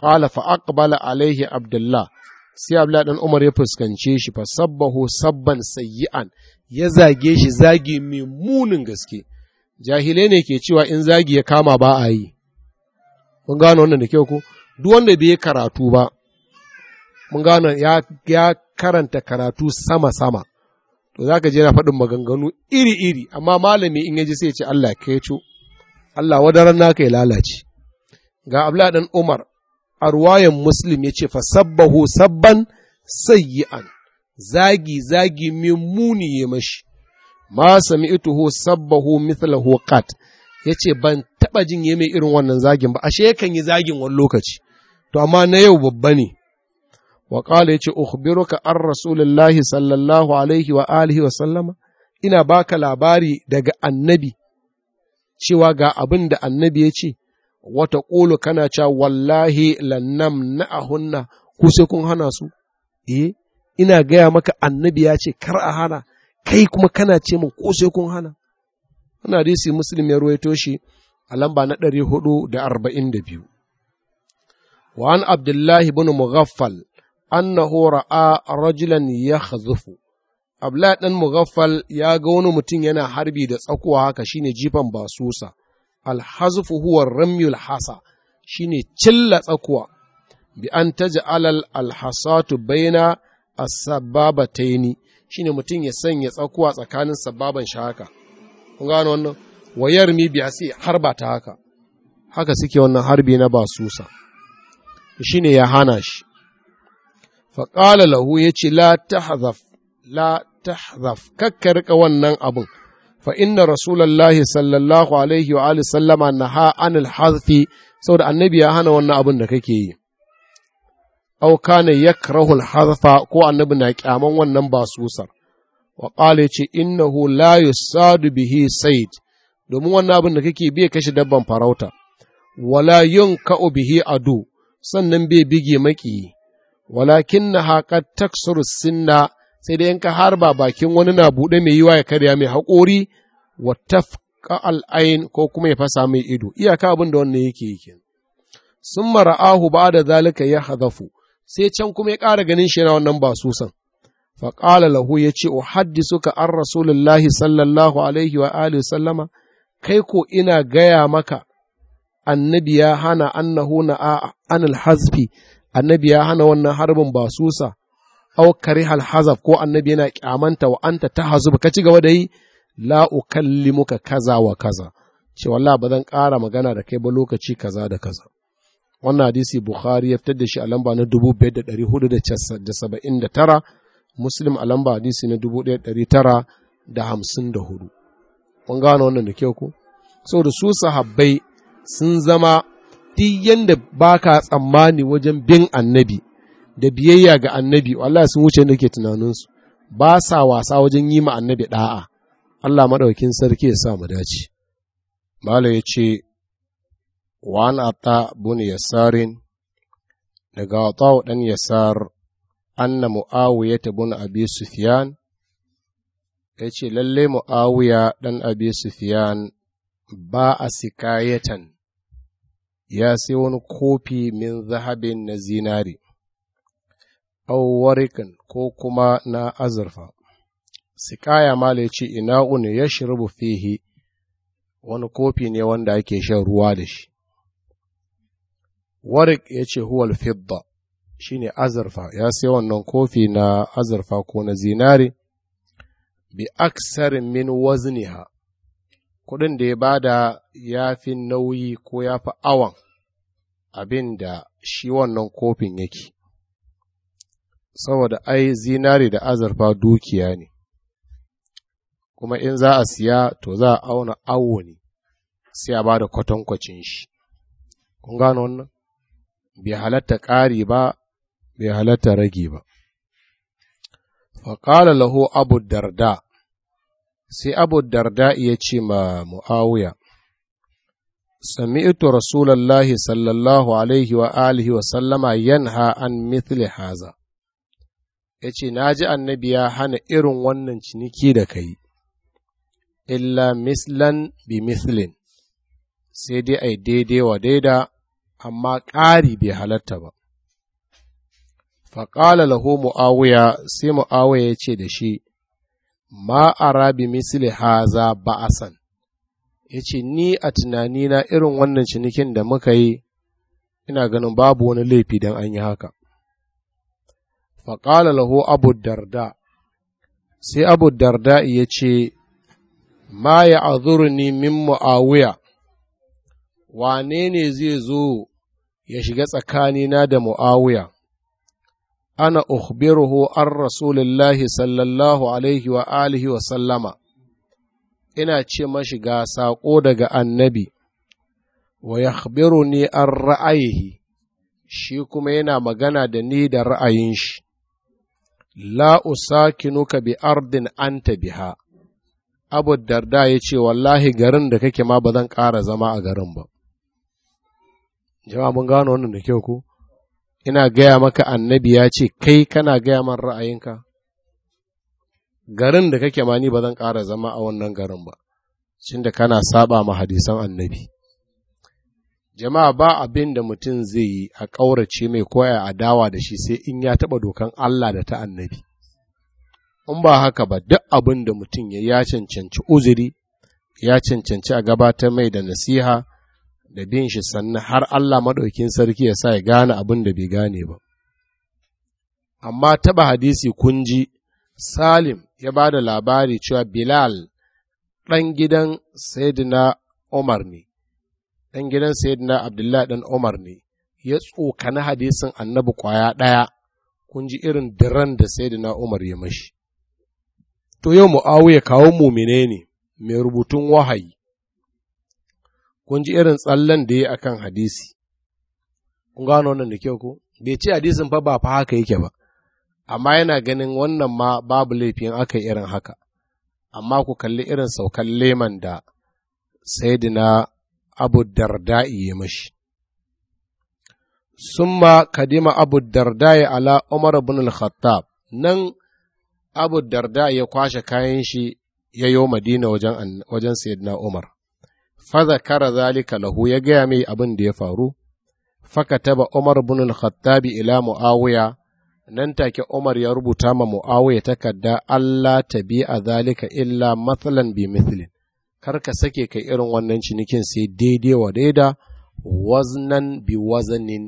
Qala fa aqbala alaihi Abdullah sai abla dan umar ya fuskance shi fa sabbahu sabban sayyi'an ya zage shi zagi mai munin gaske jahilai ne ke cewa in zagi ya kama ba a yi mun gano wannan da kyau ko duk wanda bai karatu ba mun gano ya, ya karanta karatu sama sama to zaka je na faɗin maganganu iri iri amma malami in yaji sai ya ce Allah ya kai Allah wadaran naka ya lalace ga abla dan umar a ruwayan muslim ya ce fasabbahu sabban sayyi'an zagi zagi mummuni ya mashi ma sami sami'tuhu sabbahu mithlahu qat ce ban taba jin ya mai irin wannan zagin ba ashe yakan yi zagin wani lokaci to amma na yau babba ne wa qala yace ukhbiruka an rasulullahi sallallahu alaihi wa alihi wa sallama ina baka labari daga annabi cewa ga abin da annabi ya ce wata ƙulu kana cewa wallahi lannam na'ahunna ko sai kun hana su eh ina gaya maka annabi ya ce kar a hana kai kuma kana ce min ko sai kun hana Ana da hadisi muslim ya ruwaito shi a lamba na 442 wa an abdullahi ibn mughaffal annahu ra'a rajulan yakhzufu abla dan mughaffal ya ga wani mutum yana harbi da tsakuwa haka shine jifan basusa alhazufu huwa ramyul hasa shine cilla tsakuwa bi an taj'alal alhasatu baina as-sababataini shine mutum ya sanya tsakuwa tsakanin sababan shaka. haka kun gano wannan wayar mi biya sai harba ta haka haka suke wannan harbi na basusa shine ya hana shi faƙala lahu ya ce la tahzaf la tahzaf rika wannan abun? fa inna rasulallahi sallallahu alaihi wa alihi sallama naha anil hadfi annabi ya hana wannan abin da kake yi aw kana yakrahu al hadfa ko annabi na kyaman wannan basusar wa qala yace innahu la yusadu bihi said domin wannan abin da kake bai kashe daban farauta wala yunka'u bihi adu sannan bai bige maki walakin na haƙar taksuru sinna sai dai yanka harba bakin wani na buɗe mai yiwa ya karya mai haƙori wa tafka al'ain ko kuma ya fasa mai ido iyaka abin da wannan yake yake sun mara'ahu ba da zalika ya hazafu sai can kuma ya ƙara ganin shi na wannan ba san faƙala lahu ya ce o haddi suka an rasulullahi sallallahu alaihi wa alihi sallama kai ko ina gaya maka annabi ya hana annahu na anil hazfi annabi ya hana wannan harbin basusa aw karihal hazaf ko annabi yana kyamanta wa anta tahazub ka ci gaba da yi la ukallimuka kaza wa kaza ce wallahi ba zan ƙara magana da kai ba lokaci kaza da kaza wannan hadisi bukhari ya fitar da shi a lamba na 5479 muslim a lamba hadisi na 1954 kun gano wannan da kyau ko da su sahabbai sun zama duk yanda baka tsammani wajen bin annabi da biyayya ga annabi wallahi sun wuce da ke tunaninsu ba sa wasa wajen yi ma annabi ɗa'a Allah maɗaukin sarki ya sa mu dace Malam ya ce wa an ata bun yasarin daga atawu ɗan yasar anna mu'awiya ta bun abi sufyan ya ce lalle mu'awiya ɗan abi sufyan ba a sikayatan ya sai wani kofi min zahabin na zinari auwarikan ko kuma na azurfa. Sikaya mala yace ina uni ya shirbu fihi wani kofi ne wanda ake shan ruwa da shi. Warik ya ce huwal fidda shi ne azurfa, ya sai wannan kofi na azurfa ko na zinari, bi aksarin min wazniha Kudin da ya bada ya fi nauyi ko ya fi awon abin da shi wannan kofin yake. saboda ai zinari da azurfa dukiya ne kuma in za a siya to za a auna awo ne sai a ba da kwatankwacin shi kun gano wannan bai halatta ƙari ba bai halatta rage ba faƙala laho abu darda sai abu darda iya ce ma mu'awiya sami'tu rasulallahi sallallahu alaihi wa alihi wa sallama yanha an mithli haza ya ce na ji annabi ya hana irin wannan ciniki da ka illa mislan bi mislin sai dai a daidai wa daida amma ƙari bai halarta ba faƙala lahu mu'awiya sai mu'awiya ya ce da shi ma arabi misli haza san. ya ce ni a tunanina irin wannan cinikin da muka yi ina ganin babu wani laifi don an yi haka faƙala laho abu darda sai abu darda ya ce ma ya azurni min mu'awiya wane ne zai zo ya shiga tsakanina da mu'awiya ana ukhbiruhu an rasulillahi sallallahu alaihi wa alihi wa sallama ina ce mashi ga saƙo daga annabi wa ne an ra'ayihi shi kuma yana magana da ni da ra'ayin shi la ka bi ardin anta biha abu darda ya ce wallahi garin da kake ma ba zan ƙara zama a garin ba jama'a mun gano wannan da kyau ku? ina gaya maka annabi ya ce kai kana gaya man ra'ayinka garin da kake ma ni ba zan ƙara zama a wannan garin ba cin da kana saba ma hadisan annabi jama'a ba abin da mutum zai yi a ƙaurace mai koya a dawa da shi sai in ya taɓa dokan Allah da ta annabi in ba haka ba duk abin da mutum ya cancanci uzuri ya cancanci a gabatar mai da nasiha da bin shi sannan har Allah maɗaukin sarki ya sa ya gane abin da bai gane ba. Amma taɓa hadisi kun ji Salim ya ba da labari cewa Bilal ɗan gidan Sayyidina Umar ne, ɗan gidan sayyidina abdullahi ɗan umar ne ya tsokani hadisin annabi kwaya ɗaya kun ji irin diran da sayyidina umar ya mashi to yau ya kawo mumine ne mai rubutun wahayi kun ji irin tsallan da ya akan hadisi kun gano wannan da kyau ko bai ce hadisin fa ba fa haka yake ba amma yana ganin wannan ma babu laifin aka irin haka amma ku kalli irin saukan leman da saidina abu darda'i ya mashi summa kadima abu darda'i ala umar bin al-khattab nan abu darda ya kwashe kayan shi ya yo madina wajen wajen sayyidina umar fa zakara zalika lahu ya gaya mai abin da ya faru fakataba umar bin al-khattab ila muawiya nan take umar ya rubuta ma muawiya takarda Allah ta bi a zalika illa matsalan bi mithlin kar ka sake kai irin wannan cinikin sai daidai wa daida waznan bi wazanin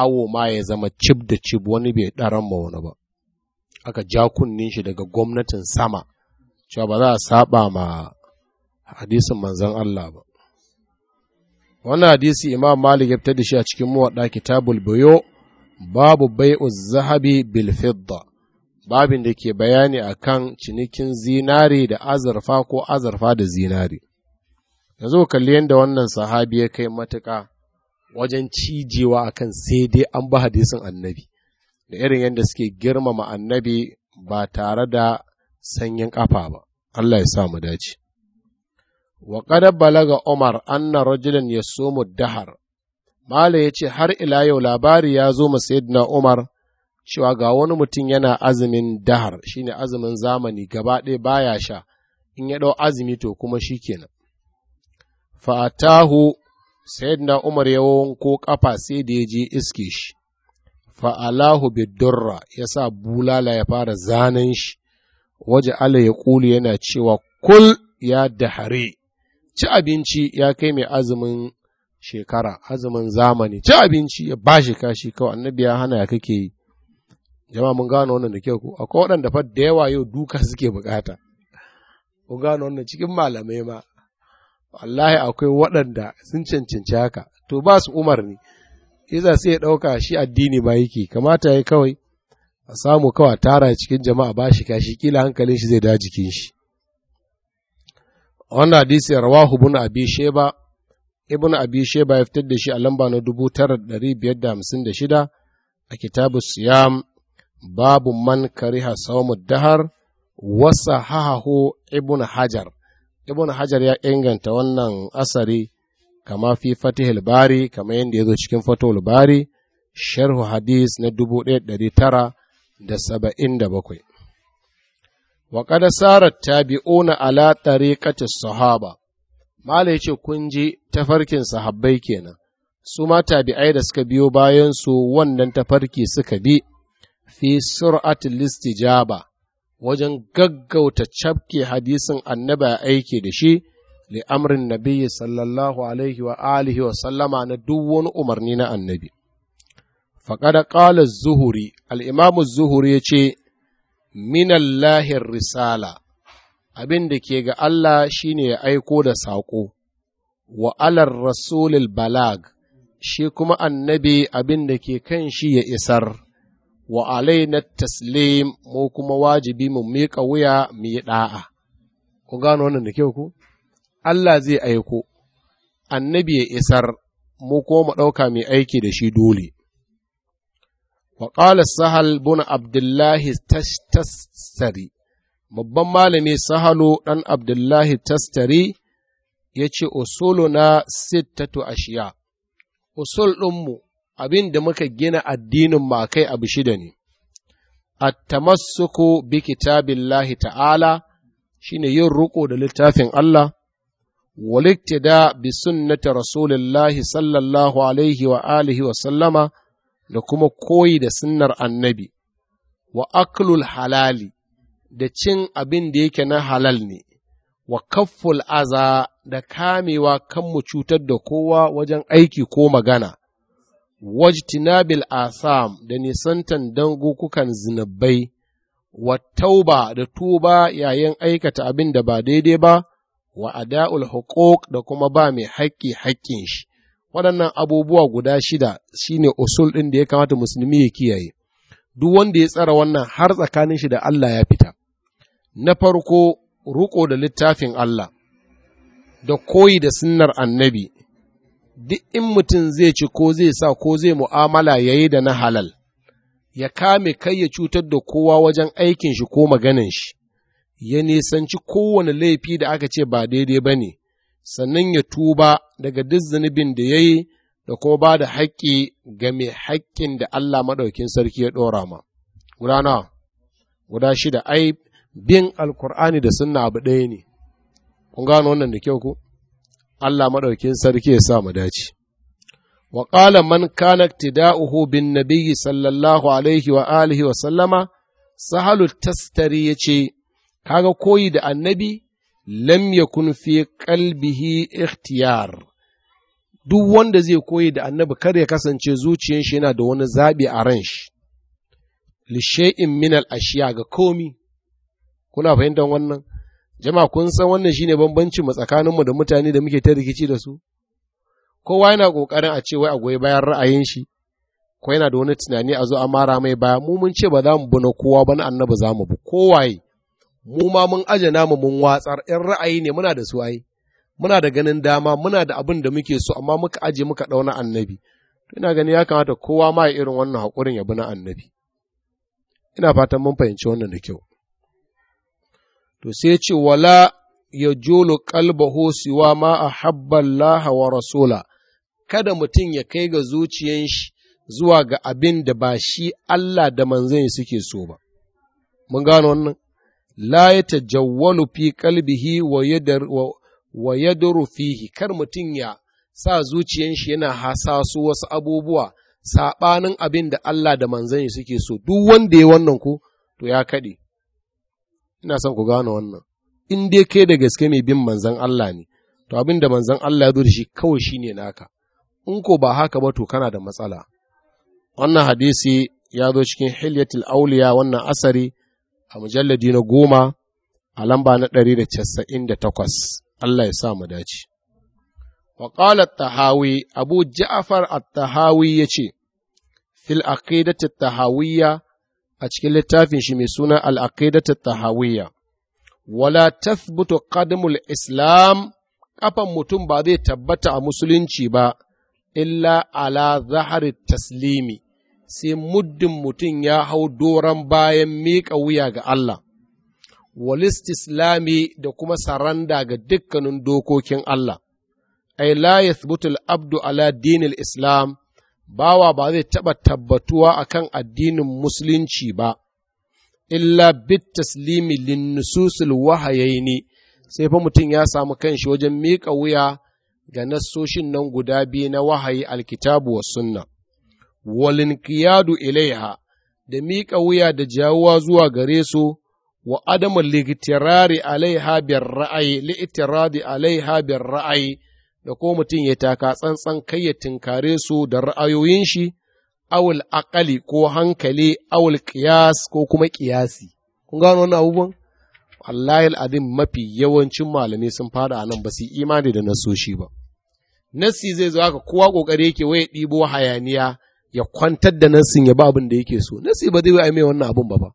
awo ma ya zama cib da cib wani bai ɗaran ba wani ba aka ja kunnin shi daga gwamnatin sama cewa ba za a saba ma hadisin manzon Allah ba wannan hadisi imam malik ya fitar da shi a cikin muwadda kitabul bayo babu baiu zahabi bil babin da ke bayani a kan cinikin zinari da azurfa ko azurfa da zinari. Yanzu kalli yadda wannan sahabi ya kai matuka wajen cijewa a kan sai dai an ba hadisin annabi, da irin yadda suke girmama annabi ba tare da sanyin ƙafa ba, Allah ya sa mu dace. Wa balaga Umar anna rajulan ya dahar, Mala ya ce har ila yau labari ya zo Umar cewa ga wani mutum yana azumin dahar shine azumin zamani gaba ɗaya baya sha in ya ɗau azumi to kuma shi kenan fa'atahu na umar ya ko ƙafa sai da ya je iske shi fa'alahu bidurra ya sa bulala ya fara zanen shi waje ala ya kulu yana cewa kul ya dahare ci abinci ya kai mai azumin shekara azumin zamani ci abinci ya ba shi kashi kawai annabi ya hana ya kake yi jama'a mun gano wannan da kyau ko akwai waɗanda fa da yawa yau duka suke bukata mun gano wannan cikin malamai ma wallahi akwai waɗanda sun cancanci haka to ba su umarni iza sai ya ɗauka shi addini ba yake kamata ya kawai a samu kawa tara cikin jama'a ba shi kashi kila hankalin shi zai da jikin shi wannan hadisi rawahu ibn abi sheba ibn abi sheba ya fitar da shi a lamba na 9556 a kitabu siyam babu man kariha sawmu dahar wasa hahahu ibn hajar ibn hajar ya inganta wannan asari kama fi fatihul bari kama yadda ya zo cikin fatihul bari sharhu hadis na 1977 wa qad sarat tabi'una ala tariqati sahaba malai ce kun ji tafarkin sahabbai kenan su ma tabi'ai da suka biyo bayan su wannan tafarki suka bi fi sur'atil listijaba wajen gaggauta cafke hadisin annabi ya aiki da shi liamrin amrin nabiyyi sallallahu alaihi wa alihi wa sallama na duk wani umarni na annabi faqad qala az-zuhri al-imam az yace min risala abin da ke ga Allah shine ya aiko da saƙo wa alar rasulil balag shi kuma annabi abin da ke kan shi ya isar wa alaina taslim mu kuma wajibi mu miƙa wuya mu yi ɗa'a. Kun gano wannan da kyau ku? Allah zai aiko, annabi ya isar, mu kuma mu ɗauka mai aiki da shi dole. Wa ƙala sahal bun Abdullahi tastari, babban malami sahalo ɗan Abdullahi tastari ya ce, Usuluna sittatu ashiya, usul ɗinmu abin da muka gina addinin makai abu shida ne, attamassuku bi kitabillahi ta'ala shine yin riƙo da littafin Allah, waliktida bi sunnata rasulillahi sallallahu alaihi wa alihi wa sallama da kuma koyi da sunnar annabi, wa aklul halali da cin abin da yake na halal ne, wa kafful aza da kamewa kanmu cutar da kowa wajen aiki ko magana. wajtinabil asam da nisantan dangukukan zinabbai, wa tauba da tuba yayin aikata abin da ba daidai ba, wa ada'ul huquq da kuma ba mai haƙƙi haƙƙin shi. Waɗannan abubuwa guda shida shine usul ɗin da ya kamata musulmi ya kiyaye. Duk wanda ya tsara wannan har tsakanin shi da Allah ya fita. Na farko, ruko da littafin Allah, da koyi da sunnar annabi, duk in mutum zai ci ko zai sa ko zai mu'amala ya yi da na halal, ya kame kai ya cutar da kowa wajen aikin shi ko maganin shi, ya nisanci kowane laifi da aka ce ba daidai ba ne, sannan ya tuba daga duk zunubin da ya yi da kuma ba da haƙƙi ga mai haƙƙin da Allah maɗaukin sarki ya ɗora ma. Guda nawa, guda shida, ai, bin Alƙur'ani da sunna abu ɗaya ne, kun gano wannan da kyau ku? Allah maɗaukin sarki ya sa mu dace. Wa ƙala man kana tida'uhu bin nabiyyi sallallahu alaihi wa alihi wa sallama, sahalu tastari ya ce, kaga koyi da annabi lam yakun fi qalbihi ikhtiyar. Duk wanda zai koyi da annabi kar ya kasance zuciyar shi yana da wani zaɓi a ran shi. Lishe'in minal ashiya ga komi, kuna fahimtar wannan? jama kun san wannan shine bambancin mu tsakaninmu da mutane da muke ta rikici da su kowa yana kokarin a ce wai a goyi bayan ra'ayin shi ko yana da wani tunani a zo a mara mai baya mu mun ce ba za mu buna kowa ba na annabi za mu bu kowaye mu ma mun aje namu mun watsar in ra'ayi ne muna da su ai muna da ganin dama muna da abin da muke so amma muka aje muka dauna annabi ina gani ya kamata kowa ma irin wannan hakurin ya bi na annabi ina fatan mun fahimci wannan da kyau to sai ce wala ya jolo kalbaho siwa ma a habban wa rasula kada mutum ya kai ga zuciyan shi zuwa ga abin da ba shi Allah da manzan suke so ba mun gano wannan la ya tajawwalu fi kalbihi wa wa fihi kar mutum ya sa zuciyan shi yana hasaso wasu abubuwa saɓanin abin da Allah da manzan suke so duk wanda ya wannan ko to ya kaɗe ina son ku gano wannan in dai kai da gaske mai bin manzan Allah ne to abin da manzan Allah ya zo da shi kawai shi ne naka in ko ba haka ba to kana da matsala wannan hadisi ya zo cikin hilyatul auliya wannan asari a mujalladi na goma a lamba na ɗari da casa'in da takwas Allah ya sa mu dace wa qala tahawi abu ja'far at-tahawi yace fil aqidati at-tahawiyya a cikin littafin shi mai suna ta tahawiyya wala tathbutu qadamul islam ƙafan mutum ba zai tabbata a musulunci ba illa ala zahari taslimi sai muddin mutum ya hau doron bayan miƙa wuya ga Allah walistislami da kuma saranda ga dukkanin dokokin Allah ai la yathbutu abdu ala dinil islam bawa ba zai taɓa tabbatuwa a kan addinin musulunci ba, illa bit taslimi lin wahayaini sai fa mutum ya samu kanshi wajen miƙa wuya ga nassoshin nan guda biyu na wahayi alkitabu wa sunna, walinkiyadu ilaiha da miƙa wuya da jawuwa zuwa gare su wa adamun ligitirari alaiha biyar ra'ayi li'itirari alaiha biyar ra'ayi da ko mutum ya taka tsantsan kai ya tinkare su da ra'ayoyin shi awul akali ko hankali awul kiyas ko kuma ƙiyasi. kun gano wannan abubuwan wallahi al'adin mafi yawancin malamai sun fada a nan ba su imani da nasoshi ba nassi zai zo haka kowa kokari yake waya ɗibo hayaniya ya kwantar da nassin ya ba abin da yake so nassi ba zai yi mai wannan abin ba ba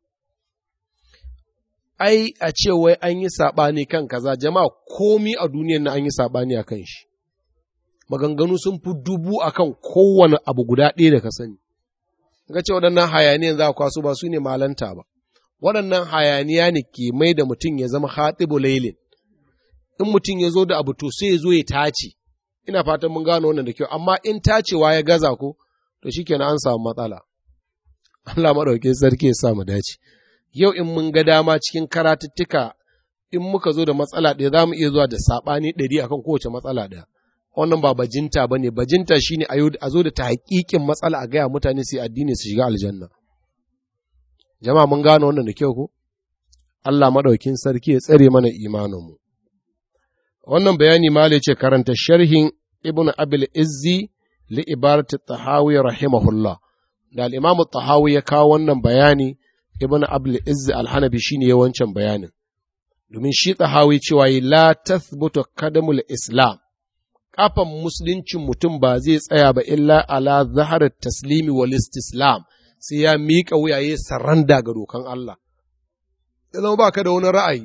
ai a ce wai an yi saɓani kan kaza jama'a komi a duniyar na an yi saɓani a kan shi maganganu sun fi dubu a kan kowane abu guda ɗaya da ka sani ga ce waɗannan hayaniyan za a kwaso ba su ne malanta ba waɗannan hayaniya ne ke mai da mutum ya zama hatibu lailin in mutum ya zo da abu to sai ya zo ya tace ina fatan mun gano wannan da kyau amma in tacewa ya gaza ko to kenan an samu matsala Allah maɗauke sarki ya sa mu dace yau in mun ga dama cikin karatuttuka in muka zo da matsala ɗaya za mu iya zuwa da saɓani ɗari akan kowace matsala ɗaya wannan ba bajinta ba ne bajinta shine a zo da ta hakikin matsala a gaya mutane su yi addini su shiga aljanna jama'a mun gano wannan da kyau ko Allah maɗaukin sarki ya tsare mana imaninmu wannan bayani ma ce karanta sharhin ibn abil izzi li ibarati tahawi rahimahullah da al-imamu tahawi ya kawo wannan bayani ibn abil izzi al-hanabi shine yawancin bayanin domin shi tahawi cewa la tathbutu kadamul islam kafan musuluncin mutum ba zai tsaya ba illa ala zaharar taslimi wal istislam sai ya miƙa wuyaye saranda ga dokan Allah. Ya ba ka da wani ra'ayi,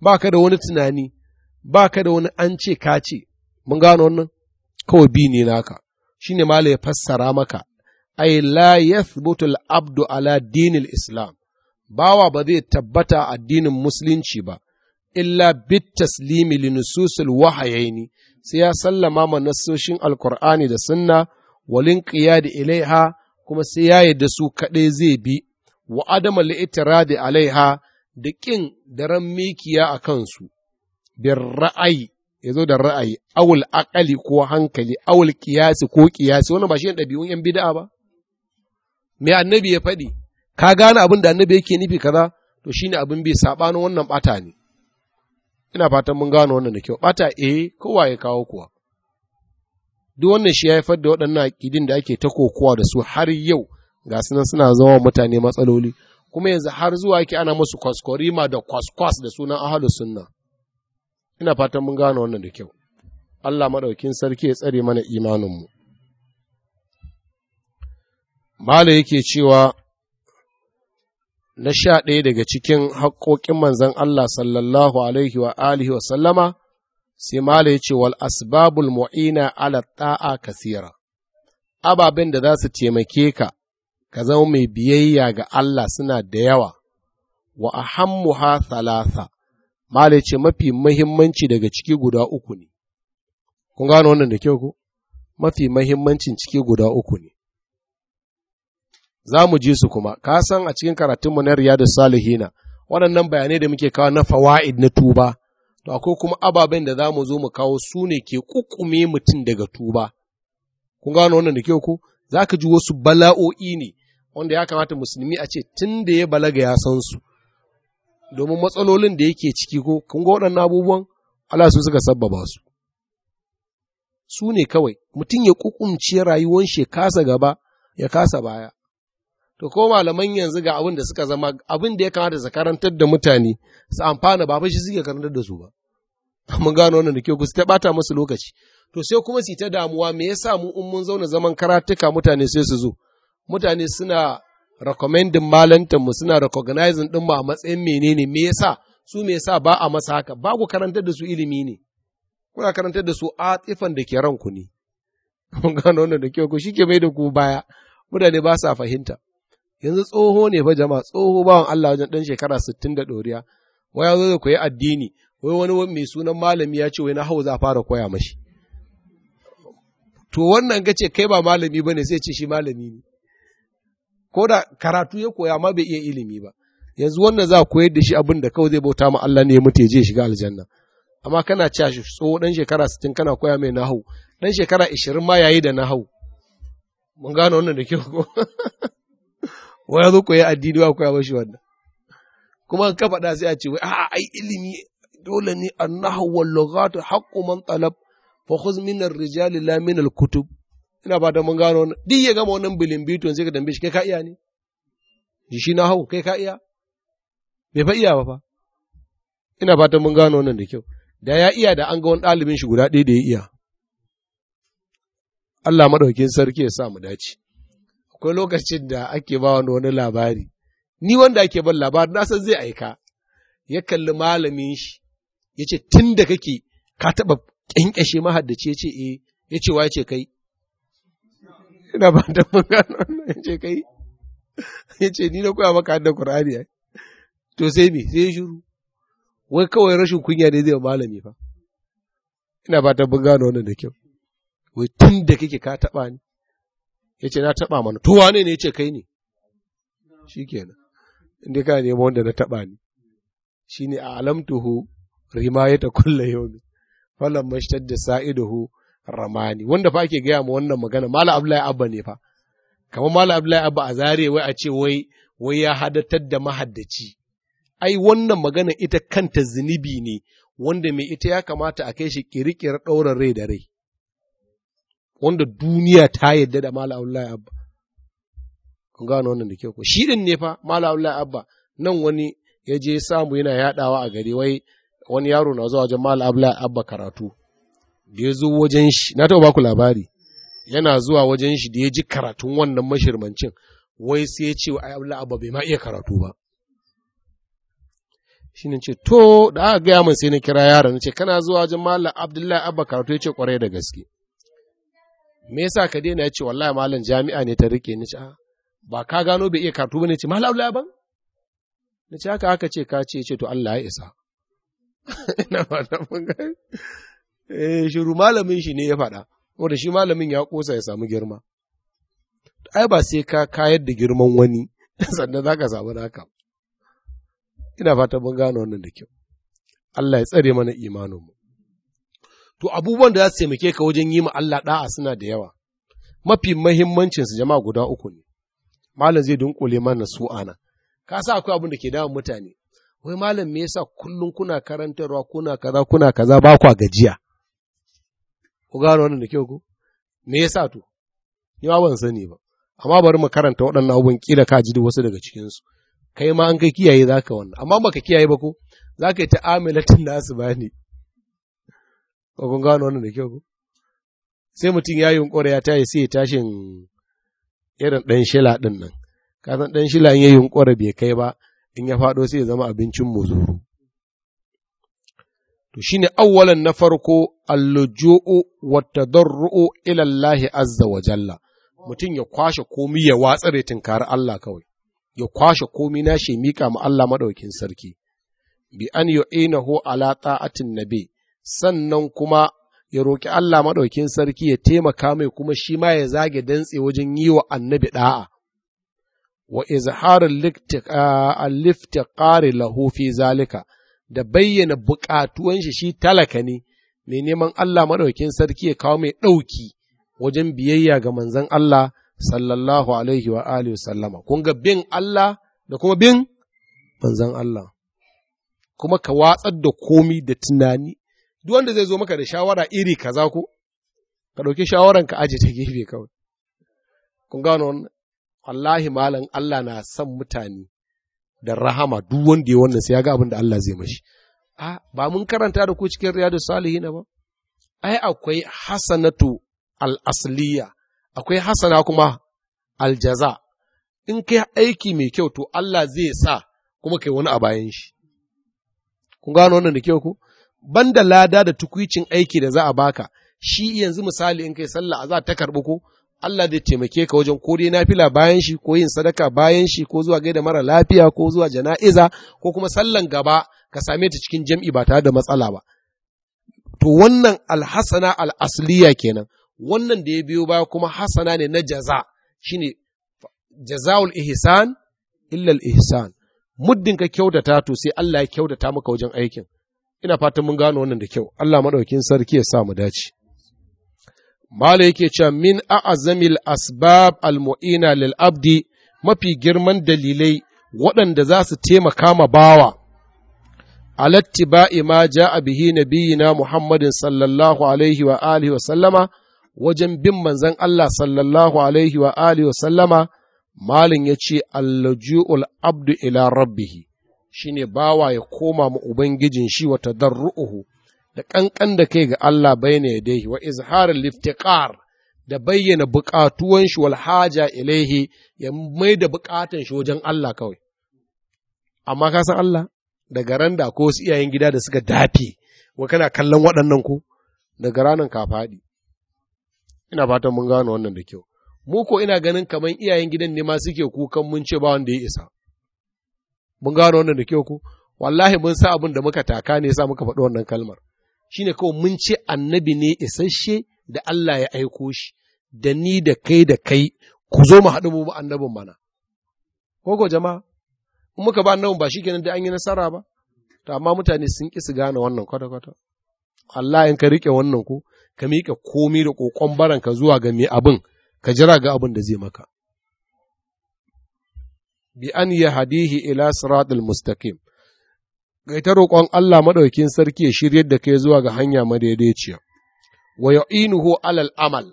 ba ka da wani tunani, ba ka da wani an ce ka ce, mun gano wannan? Kawai bi ne naka, shine ne ya fassara maka, ai la yathbutu al-abdu ala dinil islam, bawa ba zai tabbata addinin musulunci ba, illa bit taslimi li nususul wahayaini sai ya sallama ma nassoshin alkur'ani da sunna walin da ilaiha kuma sai ya yi da su kaɗai zai bi wa adama da alaiha da ƙin daren mikiya a kansu bin ra'ayi ya zo da ra'ayi awul aƙali ko hankali awul ƙiyasi ko ƙiyasi. wannan ba shi ne ɗabi'un yan bid'a ba me annabi ya faɗi ka gane abin da annabi yake nufi kaza to shine abin bai sabanin wannan ɓata ne ina fatan mun gano wannan da kyau bata eh kowa ya kawo kuwa duk wannan shi ya haifar da waɗannan aƙidin da ake ta kokowa da su har yau ga su nan suna zama mutane matsaloli kuma yanzu har zuwa yake ana musu kwaskwarima da kwaskwas da sunan ahalu sunna ina fatan mun gano wannan da kyau Allah maɗaukin sarki ya tsare mana imanin mu Mala yake cewa na sha ɗaya daga cikin haƙoƙin manzan Allah sallallahu alaihi wa alihi wa sallama sai mala ya ce wal asbabul mu'ina ala ta'a kasira ababen da za su taimake ka ka zama mai biyayya ga Allah suna da yawa wa ahammuha thalatha mala ya ce mafi muhimmanci daga ciki guda uku ne kun gano wannan da kyau ku mafi muhimmancin ciki guda uku ne za mu ji su kuma ka san a cikin karatunmu na riyadu salihina waɗannan bayanai da muke kawo na fawa'id na tuba to akwai kuma ababen da za mu zo mu kawo su ne ke ƙuƙume mutum daga tuba kun gano wannan da kyau ko za ka ji wasu bala'o'i ne wanda ya kamata musulmi a ce tun da ya balaga ya san su domin matsalolin da yake ciki ko kun ga waɗannan abubuwan Allah su suka sabbaba su su ne kawai mutum ya ƙuƙunci rayuwar shi kasa gaba ya kasa baya to ko malaman yanzu ga abin da suka zama abin da ya kamata su karantar da mutane su amfana ba shi suke karantar da su ba mun gano wannan da ke ku ta bata musu lokaci to sai kuma su ta damuwa me yasa mu in mun zauna zaman karatuka mutane sai su zo mutane suna recommending malantan mu suna recognizing din mu a matsayin menene me yasa su me yasa ba a masa haka ba ku karantar da su ilimi ne kuna karantar da su a tsifan da ke ranku ne mun gano wannan da kyau ku shike mai da ku baya mutane ba sa fahimta yanzu tsoho ne fa jama'a tsoho bawan Allah wajen ɗan shekara sittin da ɗoriya wai ya zo da koyi addini wai wani mai sunan malami ya ce wai na hau za fara koya mashi to wannan ga ce kai ba malami ba ne sai ce shi malami ne ko da karatu ya koya ma bai iya ilimi ba yanzu wannan za ku koyar da shi abin da kawai zai bauta ma Allah ne ya mutu ya je shiga aljanna amma kana cewa shi tsoho ɗan shekara sittin kana koya mai nahau ɗan shekara ishirin ma yayi da nahau mun gano wannan da kyau ko wai ya zo koyi addini ba koya mashi wannan kuma an kafa da sai a ce wai a'a ai ilimi dole ne annahu wal lughatu haqqu man talab fa khudh min ar-rijali la min al-kutub ina ba da mun gano wannan din ya gama wannan bilin biton sai ka dambe shi kai ka iya ne shi na hau kai ka iya bai fa iya ba fa ina fatan mun gano wannan da kyau da ya iya da an ga wani ɗalibin shi guda ɗaya da ya iya Allah maɗaukin sarki ya sa mu dace akwai lokacin da ake ba wani wani labari ni wanda ake ban labari na san zai aika ya kalli malamin shi ya ce tun da kake ka taɓa ƙyanƙyashe mahaddace ya ce eh ya ce wa ce kai ina ba da mun gano ya ce kai ya ce ni na koya maka hadda Qur'ani to sai me sai shiru wai kawai rashin kunya ne zai malami fa ina ba ta mun gano wannan da kyau wai tun da kake ka taɓa ni ya ce na taɓa mana to wane ne ya ce kai ne shi kenan inda ka nema wanda na taɓa ni shi ne a alamtuhu ta kulla yomi falon mashtar da sa'iduhu ramani wanda fa ake gaya ma wannan magana mala abdullahi abba ne fa kamar mala abdullahi abba a zare wai a ce wai wai ya hadatar da mahaddaci ai wannan magana ita kanta zunubi ne wanda mai ita ya kamata a kai shi kirkira ɗaurin rai da rai wanda duniya ta yadda da Malam Allah Abba. Kun gano wannan da kyau ko shi din ne fa Malam Allah Abba nan wani ya je samu yana yadawa a gari wai wani yaro na zuwa wajen Malam Allah Abba karatu. Da ya zo wajen shi, na taɓa baku labari, yana zuwa wajen shi da ya ji karatun wannan mashirmancin, wai sai ya ce wa Allah Abba bai ma iya karatu ba. shi ne ce to da aka gaya min sai na kira yaron ce kana zuwa wajen malam abdullahi abba karatu ya ce kwarai da gaske me yasa ka daina ce wallahi malam jami'a ne ta rike ni ce ba ka gano bai iya karatu bane ce malam ban na ce haka aka ce ka ce ce to Allah ya isa ina fata mun ga eh shiru malamin shi ne ya faɗa wanda shi malamin ya kosa ya samu girma ai ba sai ka kayar da girman wani sannan zaka samu naka ina fata mun gano wannan da kyau Allah ya tsare mana imanin mu. to abubuwan da za su taimake ka wajen yi ma Allah da'a suna da yawa mafi mahimmancin su jama'a guda uku ne malam zai dunkule mana su ana ka sa akwai abin da ke damun mutane wai malam me yasa kullum kuna karantarwa kuna kaza kuna kaza ba kwa gajiya ku gano wannan da kyau ku me yasa to ni ma ban sani ba amma bari mu karanta waɗannan abubuwan kila ka ji wasu daga cikin su kai ma an kai kiyaye zaka wannan amma baka kiyaye ba ko zaka yi ta'amilatin nasu bani Ko kun gano wannan da kyau ko? Sai mutum ya yunƙura ya tashi sai ya tashin irin ɗan shila ɗin nan. Ka san ɗan shila in ya yunƙura bai kai ba in ya faɗo sai ya zama abincin muzuru. To shi ne awwalan na farko alluju'u wa tadarru'u ila Allah azza wa jalla. Mutum ya kwashe komi ya watsare kare Allah kawai. Ya kwashe komi na shi mika ma Allah maɗaukin sarki. Bi an yu'inahu ala ta'atin nabi sannan kuma ya roƙi Allah maɗaukin sarki ya taimaka mai kuma shi ma ya zage dantse wajen yi wa annabi ɗa'a. Wa izharin lifta lahu fi zalika da bayyana buƙatuwan shi shi talaka ne mai neman Allah maɗaukin sarki ya kawo mai ɗauki wajen biyayya ga manzon Allah sallallahu alaihi wa alihi sallama. Kun ga bin Allah da kuma bin manzon Allah. Kuma ka watsar da komi da tunani duk wanda zai zo maka da shawara iri kaza ko ka ɗauki shawaran ka aje ta gefe kawai kun gano wannan wallahi malam Allah na son mutane da rahama duk wanda ya wannan sai ya ga abin da Allah zai mashi a ba mun karanta da ku cikin riyadu na ba ai akwai hasanatu al-asliya akwai hasana kuma aljaza in kai aiki mai kyau to Allah zai sa kuma kai wani a bayan shi kun gano wannan da kyau ku banda lada da tukwicin aiki da za a baka shi yanzu misali in kai sallah a za ta karɓi ko Allah zai taimake ka wajen ko dai nafila bayan shi ko yin sadaka bayan shi ko zuwa gaida mara lafiya ko zuwa jana'iza ko kuma sallan gaba ka same ta cikin jam'i ba tare da matsala ba to wannan alhasana al'asliya kenan wannan da ya biyo baya kuma hasana ne na jaza shine jaza'ul ihsan illal ihsan muddin ka kyautata to sai Allah ya kyautata maka wajen aikin ina fatan mun gano wannan da kyau Allah madaukin sarki ya sa mu dace mala yake cewa min a'azamil asbab almu'ina lil abdi mafi girman dalilai waɗanda za su taimaka ma bawa alattiba'i ma ja'a bihi nabiyina Muhammadin sallallahu alaihi wa alihi wa sallama wajen bin manzon Allah sallallahu alaihi wa alihi wa sallama malin yace allaju'ul abdu ila rabbihi shine bawa ya koma ma ubangijin shi wata darru'uhu da ƙanƙan da kai ga Allah bayyana yadayhi wa izharul liftiqar da bayyana buƙatuwan shi wal ilaihi ya mai da buƙatan shi wajen Allah kawai amma ka san Allah daga ran da ko wasu iyayen gida da suka dafe wa kana kallon waɗannan ku daga ranan ka faɗi ina fatan mun gano wannan da kyau mu ko ina ganin kamar iyayen gidan ne ma suke kukan mun ce ba wanda ya isa mun gano wannan da kyau ku wallahi mun sa abin da muka taka ne sa muka faɗi wannan kalmar shine kawai mun ce annabi ne isasshe da Allah ya aiko shi da ni da kai da kai ku zo mu haɗu mu annabin mana ko jama'a in muka ba annabin ba shikenan da an yi nasara ba to amma mutane sun ƙi su gane wannan kwata-kwata Allah in ka riƙe wannan ko ka miƙa komai da ƙoƙon baranka zuwa ga mai abin ka jira ga abin da zai maka bi an hadihi ila siratul mustaqim ga ta roƙon Allah maɗaukin sarki ya shiryar da kai zuwa ga hanya madaidaiciya wa yu'inuhu alal amal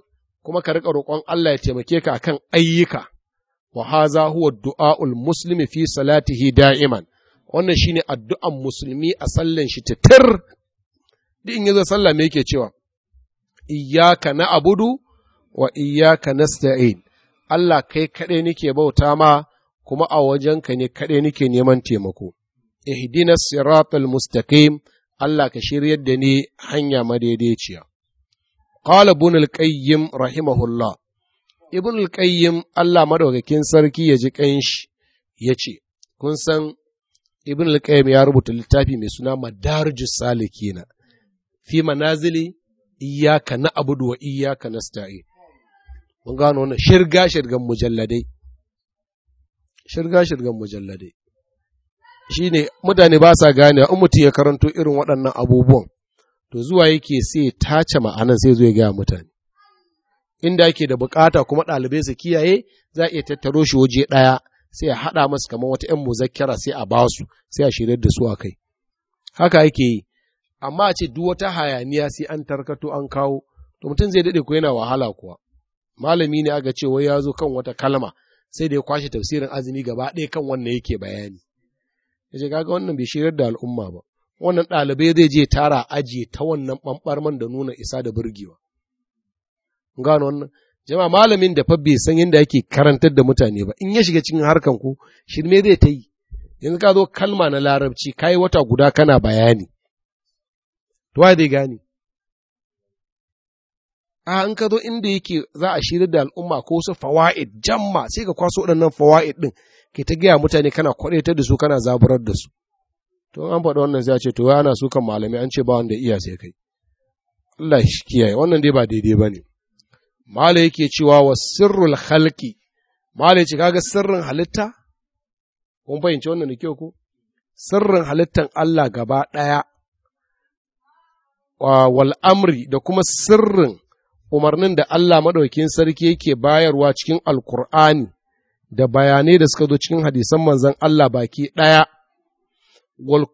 kuma ka riƙa roƙon Allah ya taimake ka akan ayyuka wa haza huwa du'aul muslimi fi salatihi da'iman wannan shine addu'an musulmi a sallan shi titir duk in yazo sallah me yake cewa iyyaka na'budu wa iyyaka nasta'in Allah kai kaɗai nake bauta ma kuma a wajenka ne kaɗai nake neman taimako. Ihdina siratal mustaqim Allah ka shiryar da ni hanya madaidaiciya. Qala ibn al-Qayyim rahimahullah. Ibn al-Qayyim Allah madaukakin sarki ya ji kanshi ya ce, kun san Ibn al-Qayyim ya rubuta littafi mai suna Madarijus Salikina. Fi manazili iyyaka na'budu wa iyyaka nasta'in. Mun gano wannan shirga shirgan mujalladai. shirga-shirgan mujalladai shi ne mutane ba sa gane in mutum ya karanto irin waɗannan abubuwan to zuwa yake sai tace ma'anan sai zo ya gaya mutane inda yake da bukata kuma ɗalibai su kiyaye za a iya tattaro shi waje ɗaya sai a haɗa masu kamar wata ‘yan muzakkara sai a ba su sai a shirya da su a kai haka yake yi amma a ce duk wata hayaniya sai an tarkato an kawo to mutum zai daɗe ko yana wahala kuwa malami ne aka ce wai ya zo kan wata kalma sai da ya kwashe tafsirin azumi gaba ɗaya kan wannan yake bayani yace kaga wannan bai shirya da al'umma ba wannan ɗalibai zai je tara ajiye ta wannan man da nuna isa da burgewa gano wannan Jama malamin da fa bai san yadda ake karantar da mutane ba in ya shiga cikin harkan ku shirme zai ta yi yanzu ka zo kalma na larabci kai wata guda kana bayani to zai gani. a in ka zo inda yake za a shirar da al'umma ko wasu fawa'id jamma sai ka kwaso waɗannan fawa'id ɗin ke ta gaya mutane kana kwaɗaitar da su kana zaburar da su to an faɗa wannan sai a ce to ya ana sukan malamai an ce ba wanda iya sai kai Allah shi kiyaye wannan dai ba daidai ba ne malai yake cewa wa sirrul halki malai ce kaga sirrin halitta kun fahimci wannan da kyau ko sirrin halittan Allah gaba ɗaya wal amri da kuma sirrin umarnin da Allah maɗaukin sarki yake bayarwa cikin Alƙur'ani da bayanai da suka zo cikin hadisan manzan Allah baki ɗaya, wal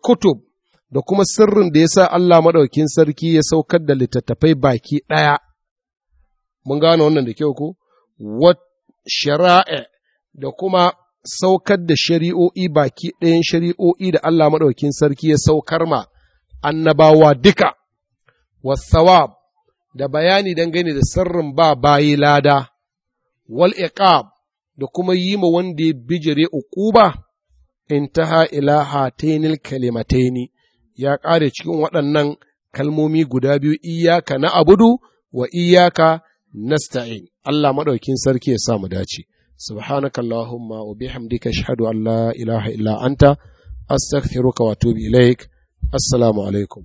da kuma sirrin da ya sa Allah maɗaukin sarki ya saukar da littattafai baki ɗaya. Mun gane wannan da kyau ko? Wat shara'a da kuma saukar da shari'o'i baki ɗayan shari'o'i da Allah maɗaukin sarki ya saukar ma annabawa duka, wasawab da bayani dangane da sirrin ba bayi lada, wal iqab da kuma yi ma wanda ya bijire In taha ila hatainil kalimataini ya ƙare cikin waɗannan kalmomi guda biyu iyaka na abudu wa iyaka nasta'in Allah maɗaukin sarki ya sa mu dace subhanaka allahumma wa bihamdika ashhadu ilaha illa anta ilaik assalamu alaikum